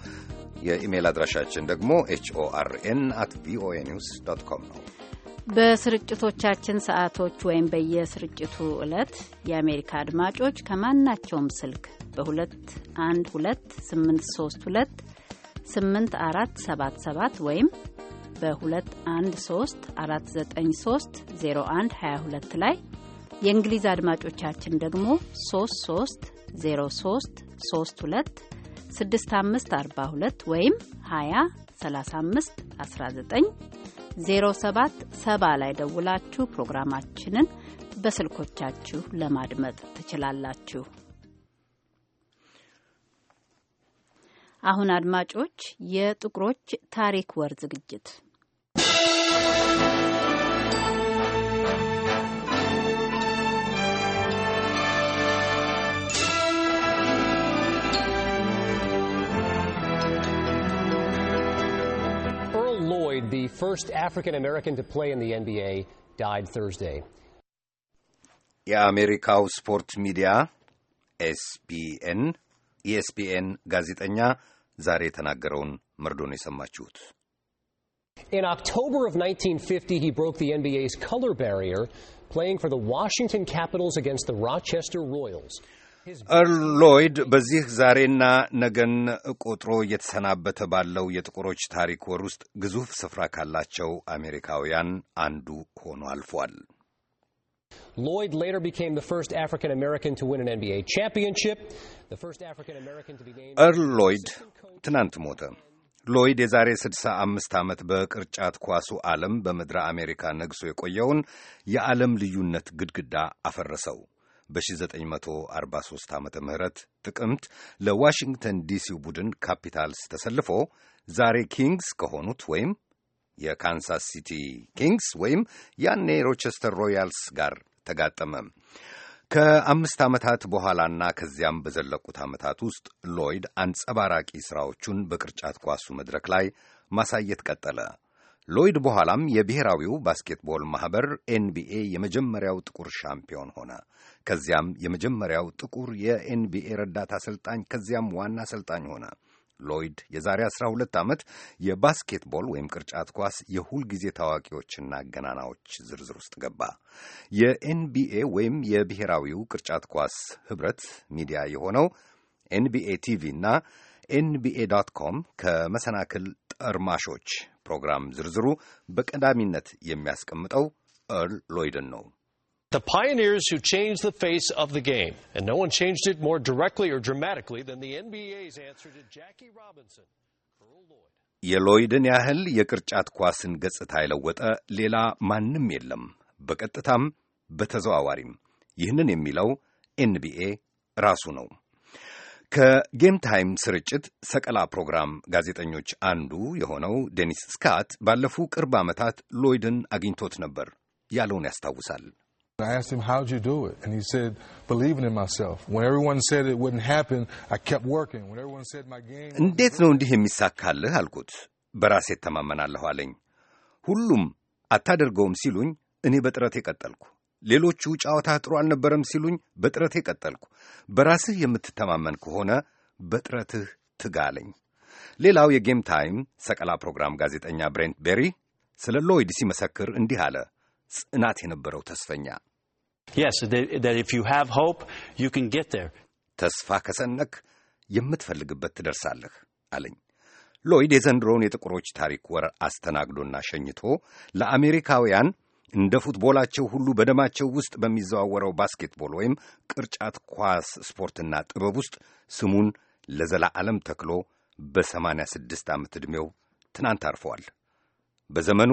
የኢሜይል አድራሻችን ደግሞ ኤችኦአርኤን አት ቪኦኤ ኒውስ ዶት ኮም ነው። በስርጭቶቻችን ሰዓቶች ወይም በየስርጭቱ ዕለት የአሜሪካ አድማጮች ከማናቸውም ስልክ በ212832 8477 ወይም በ213 493 01 22 ላይ የእንግሊዝ አድማጮቻችን ደግሞ 33 03 32 ወይም 20 35 19 07 70 ላይ ደውላችሁ ፕሮግራማችንን በስልኮቻችሁ ለማድመጥ ትችላላችሁ። አሁን አድማጮች የጥቁሮች ታሪክ ወር ዝግጅት the first African American to play in the NBA, died Thursday. የአሜሪካው ስፖርት ሚዲያ ኤስፒኤን ጋዜጠኛ ዛሬ የተናገረውን መርዶ ነው የሰማችሁት። in October of 1950, he broke the NBA's color barrier, playing for the Washington Capitals against the Rochester Royals. እርል ሎይድ uh, በዚህ ዛሬና ነገን ቆጥሮ እየተሰናበተ ባለው የጥቁሮች ታሪክ ወር ውስጥ ግዙፍ ስፍራ ካላቸው አሜሪካውያን አንዱ Lloyd later became the first African American to win an NBA championship. The first African American to be named Earl uh, Lloyd ትናንት ሞተ። ሎይድ የዛሬ 65 ዓመት በቅርጫት ኳሱ ዓለም በምድረ አሜሪካ ነግሶ የቆየውን የዓለም ልዩነት ግድግዳ አፈረሰው። በ1943 ዓመተ ምህረት ጥቅምት ለዋሽንግተን ዲሲው ቡድን ካፒታልስ ተሰልፎ ዛሬ ኪንግስ ከሆኑት ወይም የካንሳስ ሲቲ ኪንግስ ወይም ያኔ ሮቸስተር ሮያልስ ጋር ተጋጠመ። ከአምስት ዓመታት በኋላና ከዚያም በዘለቁት ዓመታት ውስጥ ሎይድ አንጸባራቂ ሥራዎቹን በቅርጫት ኳሱ መድረክ ላይ ማሳየት ቀጠለ። ሎይድ በኋላም የብሔራዊው ባስኬትቦል ማኅበር ኤንቢኤ የመጀመሪያው ጥቁር ሻምፒዮን ሆነ። ከዚያም የመጀመሪያው ጥቁር የኤንቢኤ ረዳት አሰልጣኝ፣ ከዚያም ዋና አሰልጣኝ ሆነ። ሎይድ የዛሬ 12 ዓመት የባስኬትቦል ወይም ቅርጫት ኳስ የሁልጊዜ ታዋቂዎችና ገናናዎች ዝርዝር ውስጥ ገባ። የኤንቢኤ ወይም የብሔራዊው ቅርጫት ኳስ ኅብረት ሚዲያ የሆነው ኤንቢኤ ቲቪ እና ኤንቢኤ ዶት ኮም ከመሰናክል ጠርማሾች ፕሮግራም ዝርዝሩ በቀዳሚነት የሚያስቀምጠው ኤርል ሎይድን ነው። The pioneers who changed the face of the game, and no one changed it more directly or dramatically than the NBA's answer to Jackie Robinson. የሎይድን ያህል የቅርጫት ኳስን ገጽታ የለወጠ ሌላ ማንም የለም፣ በቀጥታም በተዘዋዋሪም። ይህንን የሚለው ኤንቢኤ ራሱ ነው። ከጌም ታይም ስርጭት ሰቀላ ፕሮግራም ጋዜጠኞች አንዱ የሆነው ዴኒስ ስካት ባለፉ ቅርብ ዓመታት ሎይድን አግኝቶት ነበር። ያለውን ያስታውሳል። I asked him, How'd you do it? And he said, Believing in myself. When everyone said it wouldn't happen, I kept working. When everyone said my game. እንዴት ነው እንዲህ የሚሳካልህ አልኩት። በራሴ እተማመናለሁ አለኝ። ሁሉም አታደርገውም ሲሉኝ፣ እኔ በጥረቴ ቀጠልኩ። ሌሎቹ ጨዋታ ጥሩ አልነበረም ሲሉኝ፣ በጥረቴ ቀጠልኩ። በራስህ የምትተማመን ከሆነ በጥረትህ ትጋ አለኝ። ሌላው የጌም ታይም ሰቀላ ፕሮግራም ጋዜጠኛ ብሬንት ቤሪ ስለ ሎይድ ሲመሰክር እንዲህ አለ። ጽናት የነበረው ተስፈኛ ተስፋ ከሰነክ የምትፈልግበት ትደርሳለህ አለኝ። ሎይድ የዘንድሮውን የጥቁሮች ታሪክ ወር አስተናግዶና ሸኝቶ ለአሜሪካውያን እንደ ፉትቦላቸው ሁሉ በደማቸው ውስጥ በሚዘዋወረው ባስኬትቦል ወይም ቅርጫት ኳስ ስፖርትና ጥበብ ውስጥ ስሙን ለዘላ ዓለም ተክሎ በሰማንያ ስድስት ዓመት ዕድሜው ትናንት አርፈዋል። በዘመኑ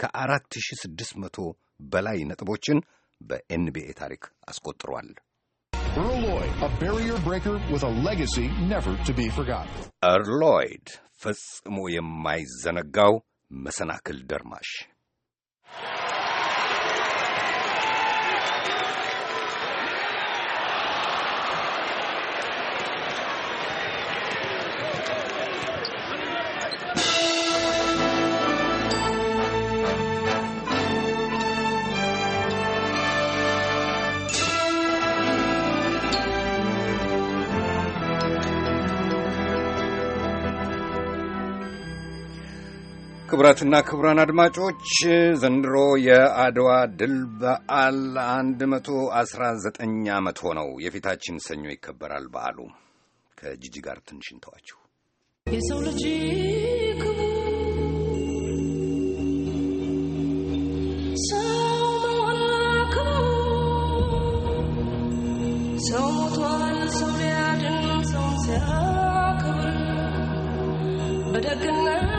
ከ4600 በላይ ነጥቦችን በኤንቢኤ ታሪክ አስቆጥሯል። እርሎይድ ፈጽሞ የማይዘነጋው መሰናክል ደርማሽ ክቡራትና ክቡራን አድማጮች ዘንድሮ የአድዋ ድል በዓል 119 ዓመት ሆነው የፊታችን ሰኞ ይከበራል። በዓሉ ከጂጂ ጋር ትንሽ እንተዋችሁ። የሰው ልጅ ሰው ሞቷል። ሰው ሊያድን ሰውን ሲያክብር በደግነት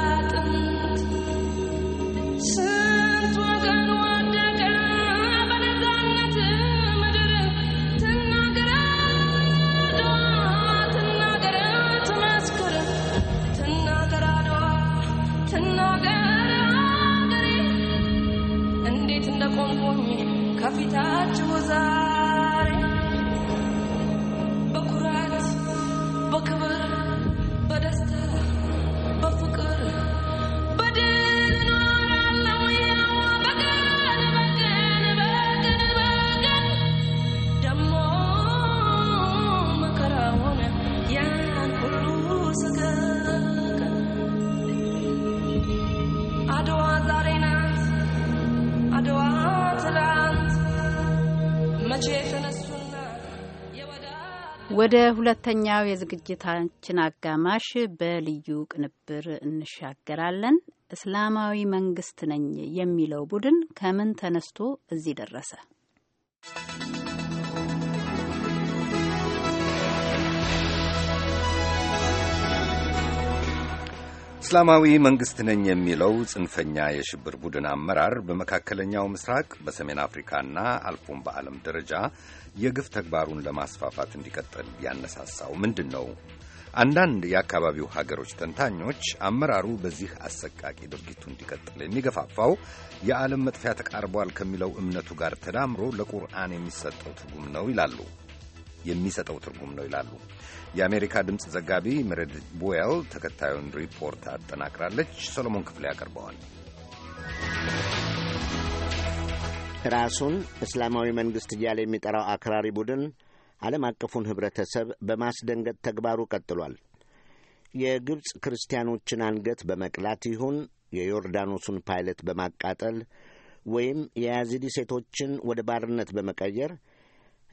ወደ ሁለተኛው የዝግጅታችን አጋማሽ በልዩ ቅንብር እንሻገራለን። እስላማዊ መንግስት ነኝ የሚለው ቡድን ከምን ተነስቶ እዚህ ደረሰ? እስላማዊ መንግስት ነኝ የሚለው ጽንፈኛ የሽብር ቡድን አመራር በመካከለኛው ምስራቅ፣ በሰሜን አፍሪካና አልፎም በዓለም ደረጃ የግፍ ተግባሩን ለማስፋፋት እንዲቀጥል ያነሳሳው ምንድን ነው? አንዳንድ የአካባቢው ሀገሮች ተንታኞች አመራሩ በዚህ አሰቃቂ ድርጊቱ እንዲቀጥል የሚገፋፋው የዓለም መጥፊያ ተቃርቧል ከሚለው እምነቱ ጋር ተዳምሮ ለቁርአን የሚሰጠው ትርጉም ነው ይላሉ የሚሰጠው ትርጉም ነው ይላሉ። የአሜሪካ ድምፅ ዘጋቢ መሬድ ቦያል ተከታዩን ሪፖርት አጠናቅራለች። ሰሎሞን ክፍሌ ያቀርበዋል። ራሱን እስላማዊ መንግሥት እያለ የሚጠራው አክራሪ ቡድን ዓለም አቀፉን ኅብረተሰብ በማስደንገጥ ተግባሩ ቀጥሏል። የግብፅ ክርስቲያኖችን አንገት በመቅላት ይሁን የዮርዳኖሱን ፓይለት በማቃጠል ወይም የያዚዲ ሴቶችን ወደ ባርነት በመቀየር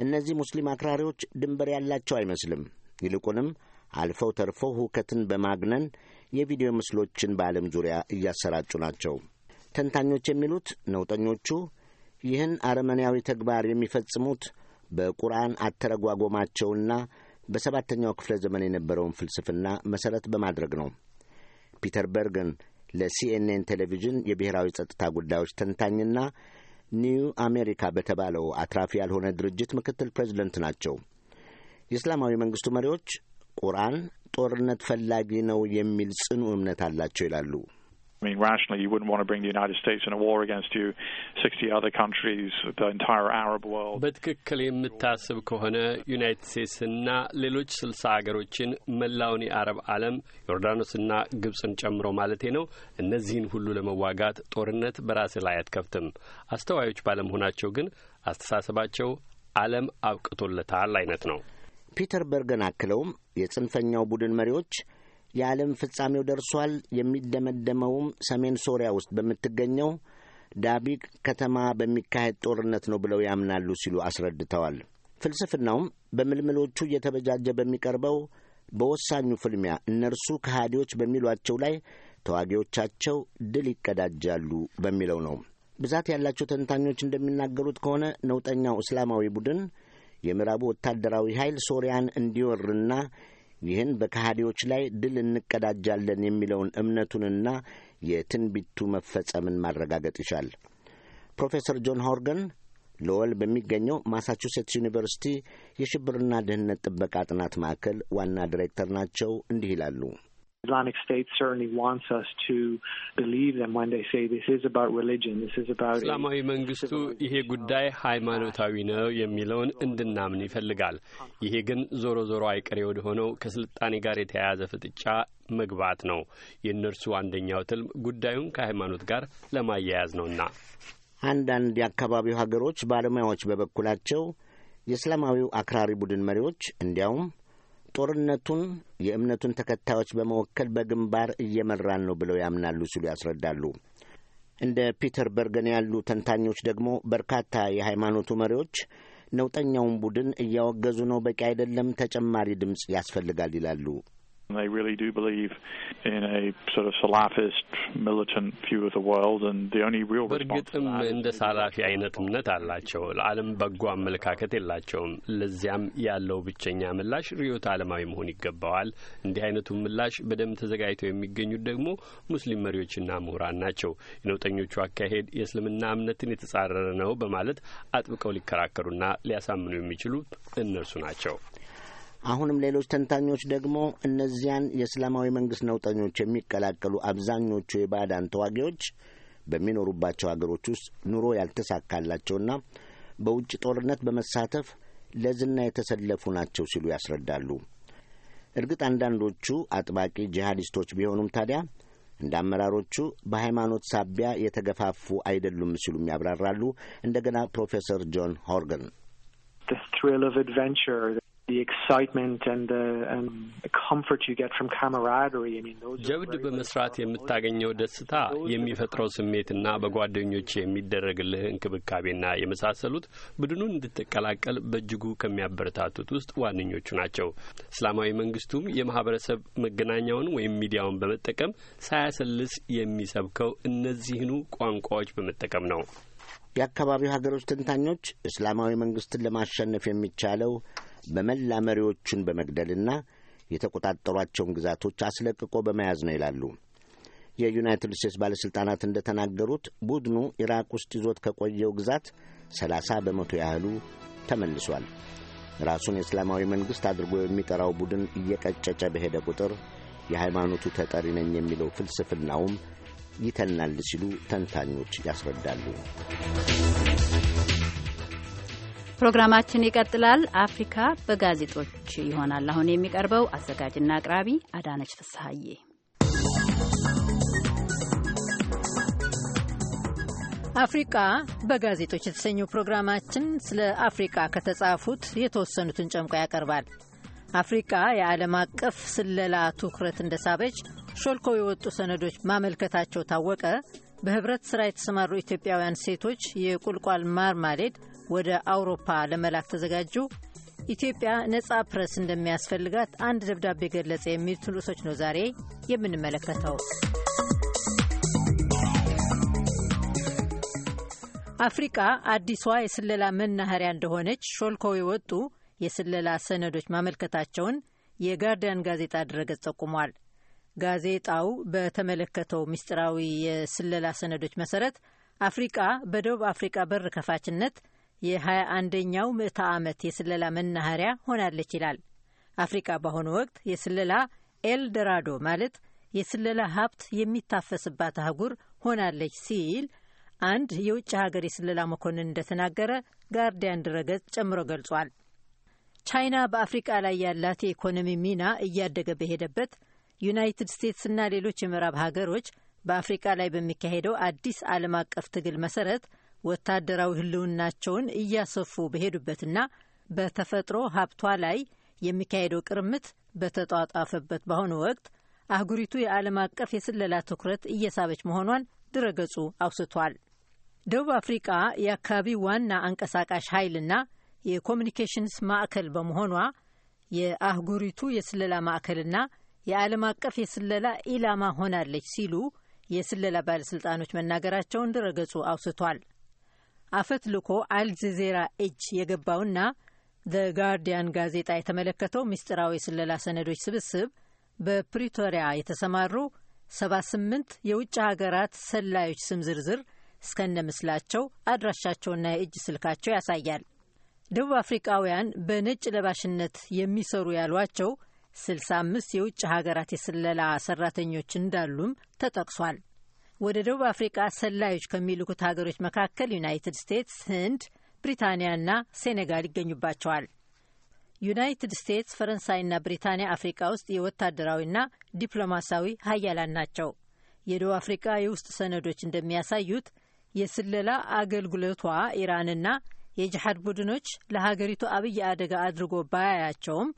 እነዚህ ሙስሊም አክራሪዎች ድንበር ያላቸው አይመስልም። ይልቁንም አልፈው ተርፈው ሁከትን በማግነን የቪዲዮ ምስሎችን በዓለም ዙሪያ እያሰራጩ ናቸው። ተንታኞች የሚሉት ነውጠኞቹ ይህን አረመኔያዊ ተግባር የሚፈጽሙት በቁርአን አተረጓጎማቸውና በሰባተኛው ክፍለ ዘመን የነበረውን ፍልስፍና መሠረት በማድረግ ነው። ፒተር በርግን ለሲኤንኤን ቴሌቪዥን የብሔራዊ ጸጥታ ጉዳዮች ተንታኝና ኒው አሜሪካ በተባለው አትራፊ ያልሆነ ድርጅት ምክትል ፕሬዚደንት ናቸው። የእስላማዊ መንግሥቱ መሪዎች ቁርአን ጦርነት ፈላጊ ነው የሚል ጽኑ እምነት አላቸው ይላሉ። I mean, rationally, you wouldn't want to bring the United States in a war against you, 60 other countries, the entire Arab world. በትክክል የምታስብ ከሆነ ዩናይትድ ስቴትስና ሌሎች ስልሳ ሀገሮችን መላውን የአረብ ዓለም ዮርዳኖስና ግብጽን ጨምሮ ማለቴ ነው እነዚህን ሁሉ ለመዋጋት ጦርነት በራስ ላይ አትከፍትም። አስተዋዮች ባለመሆናቸው ግን አስተሳሰባቸው ዓለም አብቅቶለታል አይነት ነው። ፒተር በርገን አክለውም የጽንፈኛው ቡድን መሪዎች የዓለም ፍጻሜው ደርሷል። የሚደመደመውም ሰሜን ሶሪያ ውስጥ በምትገኘው ዳቢቅ ከተማ በሚካሄድ ጦርነት ነው ብለው ያምናሉ ሲሉ አስረድተዋል። ፍልስፍናውም በምልምሎቹ እየተበጃጀ በሚቀርበው በወሳኙ ፍልሚያ እነርሱ ከሃዲዎች በሚሏቸው ላይ ተዋጊዎቻቸው ድል ይቀዳጃሉ በሚለው ነው። ብዛት ያላቸው ተንታኞች እንደሚናገሩት ከሆነ ነውጠኛው እስላማዊ ቡድን የምዕራቡ ወታደራዊ ኃይል ሶሪያን እንዲወርና ይህን በከሃዲዎች ላይ ድል እንቀዳጃለን የሚለውን እምነቱንና የትንቢቱ መፈጸምን ማረጋገጥ ይሻል። ፕሮፌሰር ጆን ሆርገን ሎወል በሚገኘው ማሳቹሴትስ ዩኒቨርሲቲ የሽብርና ድህነት ጥበቃ ጥናት ማዕከል ዋና ዲሬክተር ናቸው። እንዲህ ይላሉ። Islamic State certainly wants us to believe them when they say this is about religion, this is about እስላማዊ መንግስቱ ይሄ ጉዳይ ሃይማኖታዊ ነው የሚለውን እንድናምን ይፈልጋል። ይሄ ግን ዞሮ ዞሮ አይቀሬ ወደ ሆነው ከስልጣኔ ጋር የተያያዘ ፍጥጫ መግባት ነው። የእነርሱ አንደኛው ትልም ጉዳዩን ከሃይማኖት ጋር ለማያያዝ ነውና አንዳንድ የአካባቢው ሀገሮች ባለሙያዎች በበኩላቸው የእስላማዊው አክራሪ ቡድን መሪዎች እንዲያውም ጦርነቱን የእምነቱን ተከታዮች በመወከል በግንባር እየመራን ነው ብለው ያምናሉ ሲሉ ያስረዳሉ። እንደ ፒተር በርገን ያሉ ተንታኞች ደግሞ በርካታ የሃይማኖቱ መሪዎች ነውጠኛውን ቡድን እያወገዙ ነው፣ በቂ አይደለም፣ ተጨማሪ ድምፅ ያስፈልጋል ይላሉ። They really do believe in a sort of Salafist militant view of the world and the only real በእርግጥም እንደ ሳላፊ አይነት እምነት አላቸው። ለዓለም በጎ አመለካከት የላቸውም። ለዚያም ያለው ብቸኛ ምላሽ ርዕዮተ ዓለማዊ መሆን ይገባዋል። እንዲህ አይነቱ ምላሽ በደንብ ተዘጋጅተው የሚገኙት ደግሞ ሙስሊም መሪዎችና ምሁራን ናቸው። የነውጠኞቹ አካሄድ የእስልምና እምነትን የተጻረረ ነው በማለት አጥብቀው ሊከራከሩና ሊያሳምኑ የሚችሉ እነርሱ ናቸው። አሁንም ሌሎች ተንታኞች ደግሞ እነዚያን የእስላማዊ መንግስት ነውጠኞች የሚቀላቀሉ አብዛኞቹ የባዕዳን ተዋጊዎች በሚኖሩባቸው ሀገሮች ውስጥ ኑሮ ያልተሳካላቸውና በውጭ ጦርነት በመሳተፍ ለዝና የተሰለፉ ናቸው ሲሉ ያስረዳሉ። እርግጥ አንዳንዶቹ አጥባቂ ጂሃዲስቶች ቢሆኑም ታዲያ እንደ አመራሮቹ በሃይማኖት ሳቢያ የተገፋፉ አይደሉም ሲሉም ያብራራሉ። እንደገና ፕሮፌሰር ጆን ሆርገን ጀብድ በመስራት የምታገኘው ደስታ የሚፈጥረው ስሜትና በጓደኞች የሚደረግልህ እንክብካቤና የመሳሰሉት ቡድኑን እንድትቀላቀል በእጅጉ ከሚያበረታቱት ውስጥ ዋነኞቹ ናቸው። እስላማዊ መንግስቱም የማህበረሰብ መገናኛውን ወይም ሚዲያውን በመጠቀም ሳያሰልስ የሚሰብከው እነዚህኑ ቋንቋዎች በመጠቀም ነው። የአካባቢው ሀገሮች ተንታኞች እስላማዊ መንግስትን ለማሸነፍ የሚቻለው በመላ መሪዎቹን በመግደልና የተቆጣጠሯቸውን ግዛቶች አስለቅቆ በመያዝ ነው ይላሉ። የዩናይትድ ስቴትስ ባለሥልጣናት እንደ ተናገሩት ቡድኑ ኢራቅ ውስጥ ይዞት ከቆየው ግዛት ሰላሳ በመቶ ያህሉ ተመልሷል። ራሱን የእስላማዊ መንግሥት አድርጎ የሚጠራው ቡድን እየቀጨጨ በሄደ ቁጥር የሃይማኖቱ ተጠሪ ነኝ የሚለው ፍልስፍናውም ይተናል ሲሉ ተንታኞች ያስረዳሉ። ፕሮግራማችን ይቀጥላል። አፍሪካ በጋዜጦች ይሆናል አሁን የሚቀርበው። አዘጋጅና አቅራቢ አዳነች ፍስሐዬ። አፍሪቃ በጋዜጦች የተሰኘው ፕሮግራማችን ስለ አፍሪቃ ከተጻፉት የተወሰኑትን ጨምቆ ያቀርባል። አፍሪቃ የዓለም አቀፍ ስለላ ትኩረት እንደሳበች ሾልኮ የወጡ ሰነዶች ማመልከታቸው ታወቀ፣ በህብረት ሥራ የተሰማሩ ኢትዮጵያውያን ሴቶች የቁልቋል ማር ማሌድ ወደ አውሮፓ ለመላክ ተዘጋጁ፣ ኢትዮጵያ ነጻ ፕረስ እንደሚያስፈልጋት አንድ ደብዳቤ ገለጸ የሚሉትን ርዕሶች ነው ዛሬ የምንመለከተው። አፍሪቃ አዲሷ የስለላ መናኸሪያ እንደሆነች ሾልከው የወጡ የስለላ ሰነዶች ማመልከታቸውን የጋርዲያን ጋዜጣ ድረገጽ ጠቁሟል። ጋዜጣው በተመለከተው ምስጢራዊ የስለላ ሰነዶች መሰረት አፍሪቃ በደቡብ አፍሪቃ በር ከፋችነት የ21ኛው ምዕተ ዓመት የስለላ መናኸሪያ ሆናለች ይላል። አፍሪቃ በአሁኑ ወቅት የስለላ ኤልደራዶ ማለት የስለላ ሀብት የሚታፈስባት አህጉር ሆናለች ሲል አንድ የውጭ ሀገር የስለላ መኮንን እንደተናገረ ጋርዲያን ድረገጽ ጨምሮ ገልጿል። ቻይና በአፍሪቃ ላይ ያላት የኢኮኖሚ ሚና እያደገ በሄደበት ዩናይትድ ስቴትስና ሌሎች የምዕራብ ሀገሮች በአፍሪቃ ላይ በሚካሄደው አዲስ ዓለም አቀፍ ትግል መሰረት ወታደራዊ ህልውናቸውን እያሰፉ በሄዱበትና በተፈጥሮ ሀብቷ ላይ የሚካሄደው ቅርምት በተጧጧፈበት በአሁኑ ወቅት አህጉሪቱ የዓለም አቀፍ የስለላ ትኩረት እየሳበች መሆኗን ድረገጹ አውስቷል። ደቡብ አፍሪቃ የአካባቢ ዋና አንቀሳቃሽ ኃይልና የኮሚኒኬሽንስ ማዕከል በመሆኗ የአህጉሪቱ የስለላ ማዕከልና የዓለም አቀፍ የስለላ ኢላማ ሆናለች ሲሉ የስለላ ባለሥልጣኖች መናገራቸውን ድረገጹ አውስቷል። አፈት ልኮ አልጀዜራ እጅ የገባውና ዘ ጋርዲያን ጋዜጣ የተመለከተው ምስጢራዊ ስለላ ሰነዶች ስብስብ በፕሪቶሪያ የተሰማሩ 78 የውጭ ሀገራት ሰላዮች ስም ዝርዝር እስከነ ምስላቸው አድራሻቸውና የእጅ ስልካቸው ያሳያል። ደቡብ አፍሪቃውያን በነጭ ለባሽነት የሚሰሩ ያሏቸው 65 የውጭ ሀገራት የስለላ ሰራተኞች እንዳሉም ተጠቅሷል። ወደ ደቡብ አፍሪቃ ሰላዮች ከሚልኩት ሀገሮች መካከል ዩናይትድ ስቴትስ፣ ህንድ፣ ብሪታንያና ሴኔጋል ይገኙባቸዋል። ዩናይትድ ስቴትስ፣ ፈረንሳይና ብሪታንያ አፍሪቃ ውስጥ የወታደራዊና ዲፕሎማሲያዊ ሀያላን ናቸው። የደቡብ አፍሪቃ የውስጥ ሰነዶች እንደሚያሳዩት የስለላ አገልግሎቷ ኢራንና የጅሀድ ቡድኖች ለሀገሪቱ አብይ አደጋ አድርጎ ባያያቸውም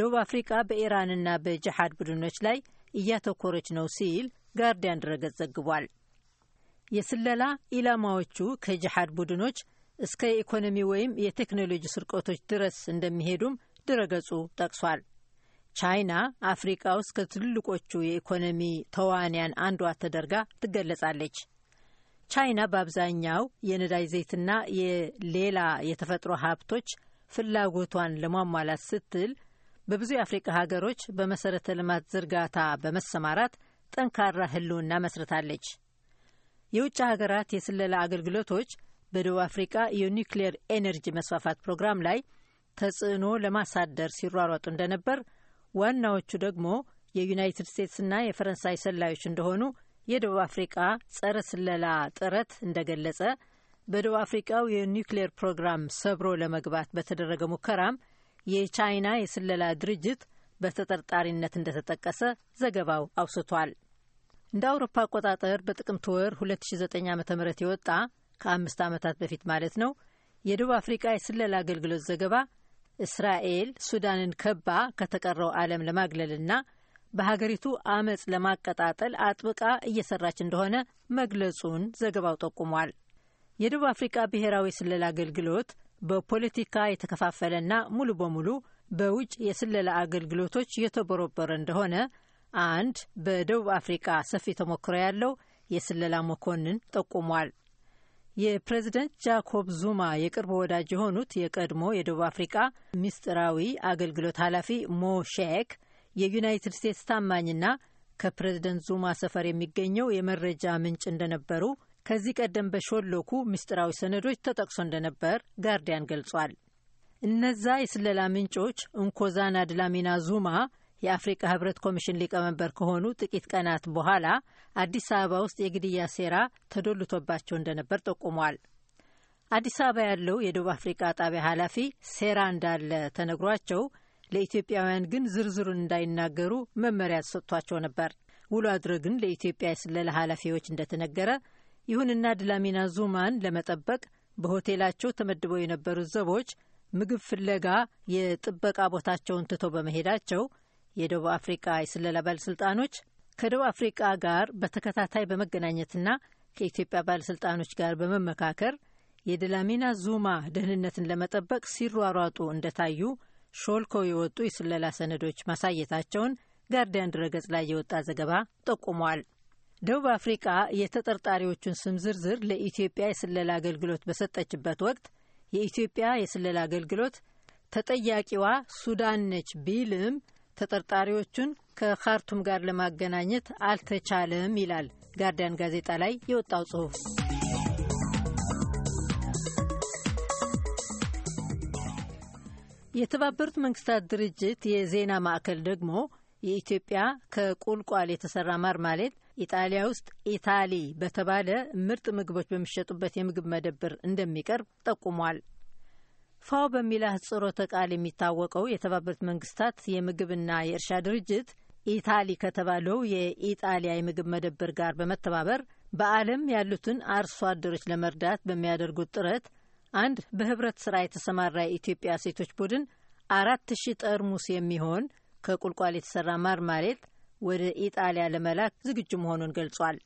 ደቡብ አፍሪቃ በኢራንና በጅሃድ ቡድኖች ላይ እያተኮረች ነው ሲል ጋርዲያን ድረገጽ ዘግቧል። የስለላ ኢላማዎቹ ከጅሃድ ቡድኖች እስከ ኢኮኖሚ ወይም የቴክኖሎጂ ስርቆቶች ድረስ እንደሚሄዱም ድረገጹ ጠቅሷል። ቻይና አፍሪቃ ውስጥ ከትልልቆቹ የኢኮኖሚ ተዋንያን አንዷ ተደርጋ ትገለጻለች። ቻይና በአብዛኛው የነዳጅ ዘይትና የሌላ የተፈጥሮ ሀብቶች ፍላጎቷን ለማሟላት ስትል በብዙ የአፍሪቃ ሀገሮች በመሰረተ ልማት ዝርጋታ በመሰማራት ጠንካራ ህልውና መስርታለች። የውጭ ሀገራት የስለላ አገልግሎቶች በደቡብ አፍሪቃ የኒውክሌር ኤነርጂ መስፋፋት ፕሮግራም ላይ ተጽዕኖ ለማሳደር ሲሯሯጡ እንደነበር፣ ዋናዎቹ ደግሞ የዩናይትድ ስቴትስና የፈረንሳይ ሰላዮች እንደሆኑ የደቡብ አፍሪቃ ጸረ ስለላ ጥረት እንደገለጸ፣ በደቡብ አፍሪቃው የኒውክሌር ፕሮግራም ሰብሮ ለመግባት በተደረገ ሙከራም የቻይና የስለላ ድርጅት በተጠርጣሪነት እንደተጠቀሰ ዘገባው አውስቷል። እንደ አውሮፓ አቆጣጠር በጥቅምት ወር 2009 ዓ ም የወጣ ከአምስት ዓመታት በፊት ማለት ነው የደቡብ አፍሪቃ የስለላ አገልግሎት ዘገባ እስራኤል ሱዳንን ከባ ከተቀረው ዓለም ለማግለልና በሀገሪቱ አመፅ ለማቀጣጠል አጥብቃ እየሰራች እንደሆነ መግለጹን ዘገባው ጠቁሟል። የደቡብ አፍሪቃ ብሔራዊ ስለላ አገልግሎት በፖለቲካ የተከፋፈለና ሙሉ በሙሉ በውጭ የስለላ አገልግሎቶች እየተቦረቦረ እንደሆነ አንድ በደቡብ አፍሪቃ ሰፊ ተሞክሮ ያለው የስለላ መኮንን ጠቁሟል። የፕሬዝደንት ጃኮብ ዙማ የቅርብ ወዳጅ የሆኑት የቀድሞ የደቡብ አፍሪቃ ሚስጢራዊ አገልግሎት ኃላፊ ሞሼክ የዩናይትድ ስቴትስ ታማኝና ከፕሬዝደንት ዙማ ሰፈር የሚገኘው የመረጃ ምንጭ እንደነበሩ ከዚህ ቀደም በሾሎኩ ምስጢራዊ ሰነዶች ተጠቅሶ እንደነበር ጋርዲያን ገልጿል። እነዛ የስለላ ምንጮች እንኮዛና ድላሚና ዙማ የአፍሪቃ ህብረት ኮሚሽን ሊቀመንበር ከሆኑ ጥቂት ቀናት በኋላ አዲስ አበባ ውስጥ የግድያ ሴራ ተዶልቶባቸው እንደነበር ጠቁሟል። አዲስ አበባ ያለው የደቡብ አፍሪቃ ጣቢያ ኃላፊ ሴራ እንዳለ ተነግሯቸው ለኢትዮጵያውያን ግን ዝርዝሩን እንዳይናገሩ መመሪያ ተሰጥቷቸው ነበር። ውሎ አድሮ ግን ለኢትዮጵያ የስለላ ኃላፊዎች እንደተነገረ፣ ይሁንና ድላሚና ዙማን ለመጠበቅ በሆቴላቸው ተመድበው የነበሩት ዘቦች ምግብ ፍለጋ የጥበቃ ቦታቸውን ትቶ በመሄዳቸው የደቡብ አፍሪቃ የስለላ ባለሥልጣኖች ከደቡብ አፍሪቃ ጋር በተከታታይ በመገናኘትና ከኢትዮጵያ ባለሥልጣኖች ጋር በመመካከር የድላሚና ዙማ ደህንነትን ለመጠበቅ ሲሯሯጡ እንደታዩ ሾልከው የወጡ የስለላ ሰነዶች ማሳየታቸውን ጋርዲያን ድረገጽ ላይ የወጣ ዘገባ ጠቁሟል። ደቡብ አፍሪቃ የተጠርጣሪዎቹን ስም ዝርዝር ለኢትዮጵያ የስለላ አገልግሎት በሰጠችበት ወቅት የኢትዮጵያ የስለላ አገልግሎት ተጠያቂዋ ሱዳን ነች ቢልም ተጠርጣሪዎቹን ከካርቱም ጋር ለማገናኘት አልተቻለም ይላል ጋርዲያን ጋዜጣ ላይ የወጣው ጽሑፍ። የተባበሩት መንግስታት ድርጅት የዜና ማዕከል ደግሞ የኢትዮጵያ ከቁልቋል የተሰራ ማር ማለት ኢጣሊያ ውስጥ ኢታሊ በተባለ ምርጥ ምግቦች በሚሸጡበት የምግብ መደብር እንደሚቀርብ ጠቁሟል። ፋው በሚል አህጽሮተ ቃል የሚታወቀው የተባበሩት መንግስታት የምግብና የእርሻ ድርጅት ኢታሊ ከተባለው የኢጣሊያ የምግብ መደብር ጋር በመተባበር በዓለም ያሉትን አርሶ አደሮች ለመርዳት በሚያደርጉት ጥረት አንድ በህብረት ስራ የተሰማራ የኢትዮጵያ ሴቶች ቡድን አራት ሺህ ጠርሙስ የሚሆን ከቁልቋል የተሰራ ማርማሬት ወደ ኢጣሊያ ለመላክ ዝግጁ መሆኑን ገልጿል።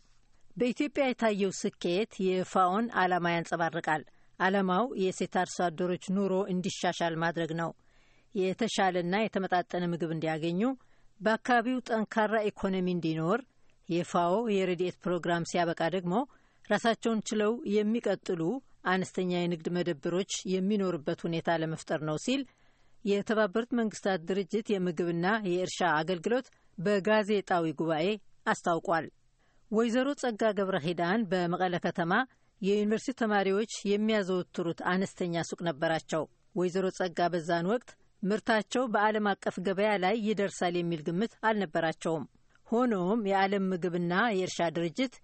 በኢትዮጵያ የታየው ስኬት የፋኦን ዓላማ ያንጸባርቃል። ዓላማው የሴት አርሶ አደሮች ኑሮ እንዲሻሻል ማድረግ ነው። የተሻለና የተመጣጠነ ምግብ እንዲያገኙ፣ በአካባቢው ጠንካራ ኢኮኖሚ እንዲኖር የፋኦ የረድኤት ፕሮግራም ሲያበቃ ደግሞ ራሳቸውን ችለው የሚቀጥሉ አነስተኛ የንግድ መደብሮች የሚኖርበት ሁኔታ ለመፍጠር ነው ሲል የተባበሩት መንግስታት ድርጅት የምግብና የእርሻ አገልግሎት በጋዜጣዊ ጉባኤ አስታውቋል። ወይዘሮ ጸጋ ገብረ ኪዳን በመቀለ ከተማ የዩኒቨርሲቲ ተማሪዎች የሚያዘወትሩት አነስተኛ ሱቅ ነበራቸው። ወይዘሮ ጸጋ በዛን ወቅት ምርታቸው በዓለም አቀፍ ገበያ ላይ ይደርሳል የሚል ግምት አልነበራቸውም። ሆኖም የዓለም ምግብና የእርሻ ድርጅት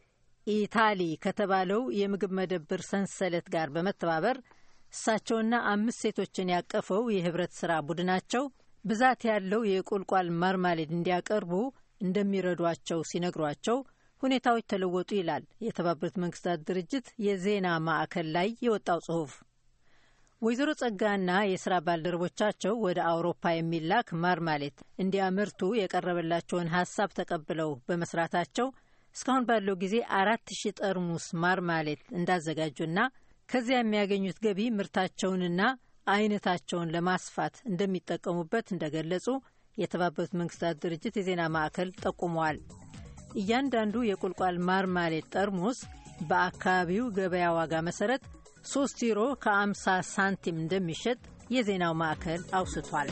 ኢታሊ ከተባለው የምግብ መደብር ሰንሰለት ጋር በመተባበር እሳቸውና አምስት ሴቶችን ያቀፈው የህብረት ስራ ቡድናቸው ብዛት ያለው የቁልቋል ማርማሌድ እንዲያቀርቡ እንደሚረዷቸው ሲነግሯቸው ሁኔታዎች ተለወጡ ይላል የተባበሩት መንግስታት ድርጅት የዜና ማዕከል ላይ የወጣው ጽሑፍ። ወይዘሮ ጸጋና የስራ ባልደረቦቻቸው ወደ አውሮፓ የሚላክ ማርማሌት እንዲያመርቱ የቀረበላቸውን ሀሳብ ተቀብለው በመስራታቸው እስካሁን ባለው ጊዜ አራት ሺህ ጠርሙስ ማርማሌት እንዳዘጋጁና ከዚያ የሚያገኙት ገቢ ምርታቸውንና አይነታቸውን ለማስፋት እንደሚጠቀሙበት እንደገለጹ የተባበሩት መንግስታት ድርጅት የዜና ማዕከል ጠቁመዋል። እያንዳንዱ የቁልቋል ማርማሌት ጠርሙስ በአካባቢው ገበያ ዋጋ መሰረት 3 ዩሮ ከ50 ሳንቲም እንደሚሸጥ የዜናው ማዕከል አውስቷል።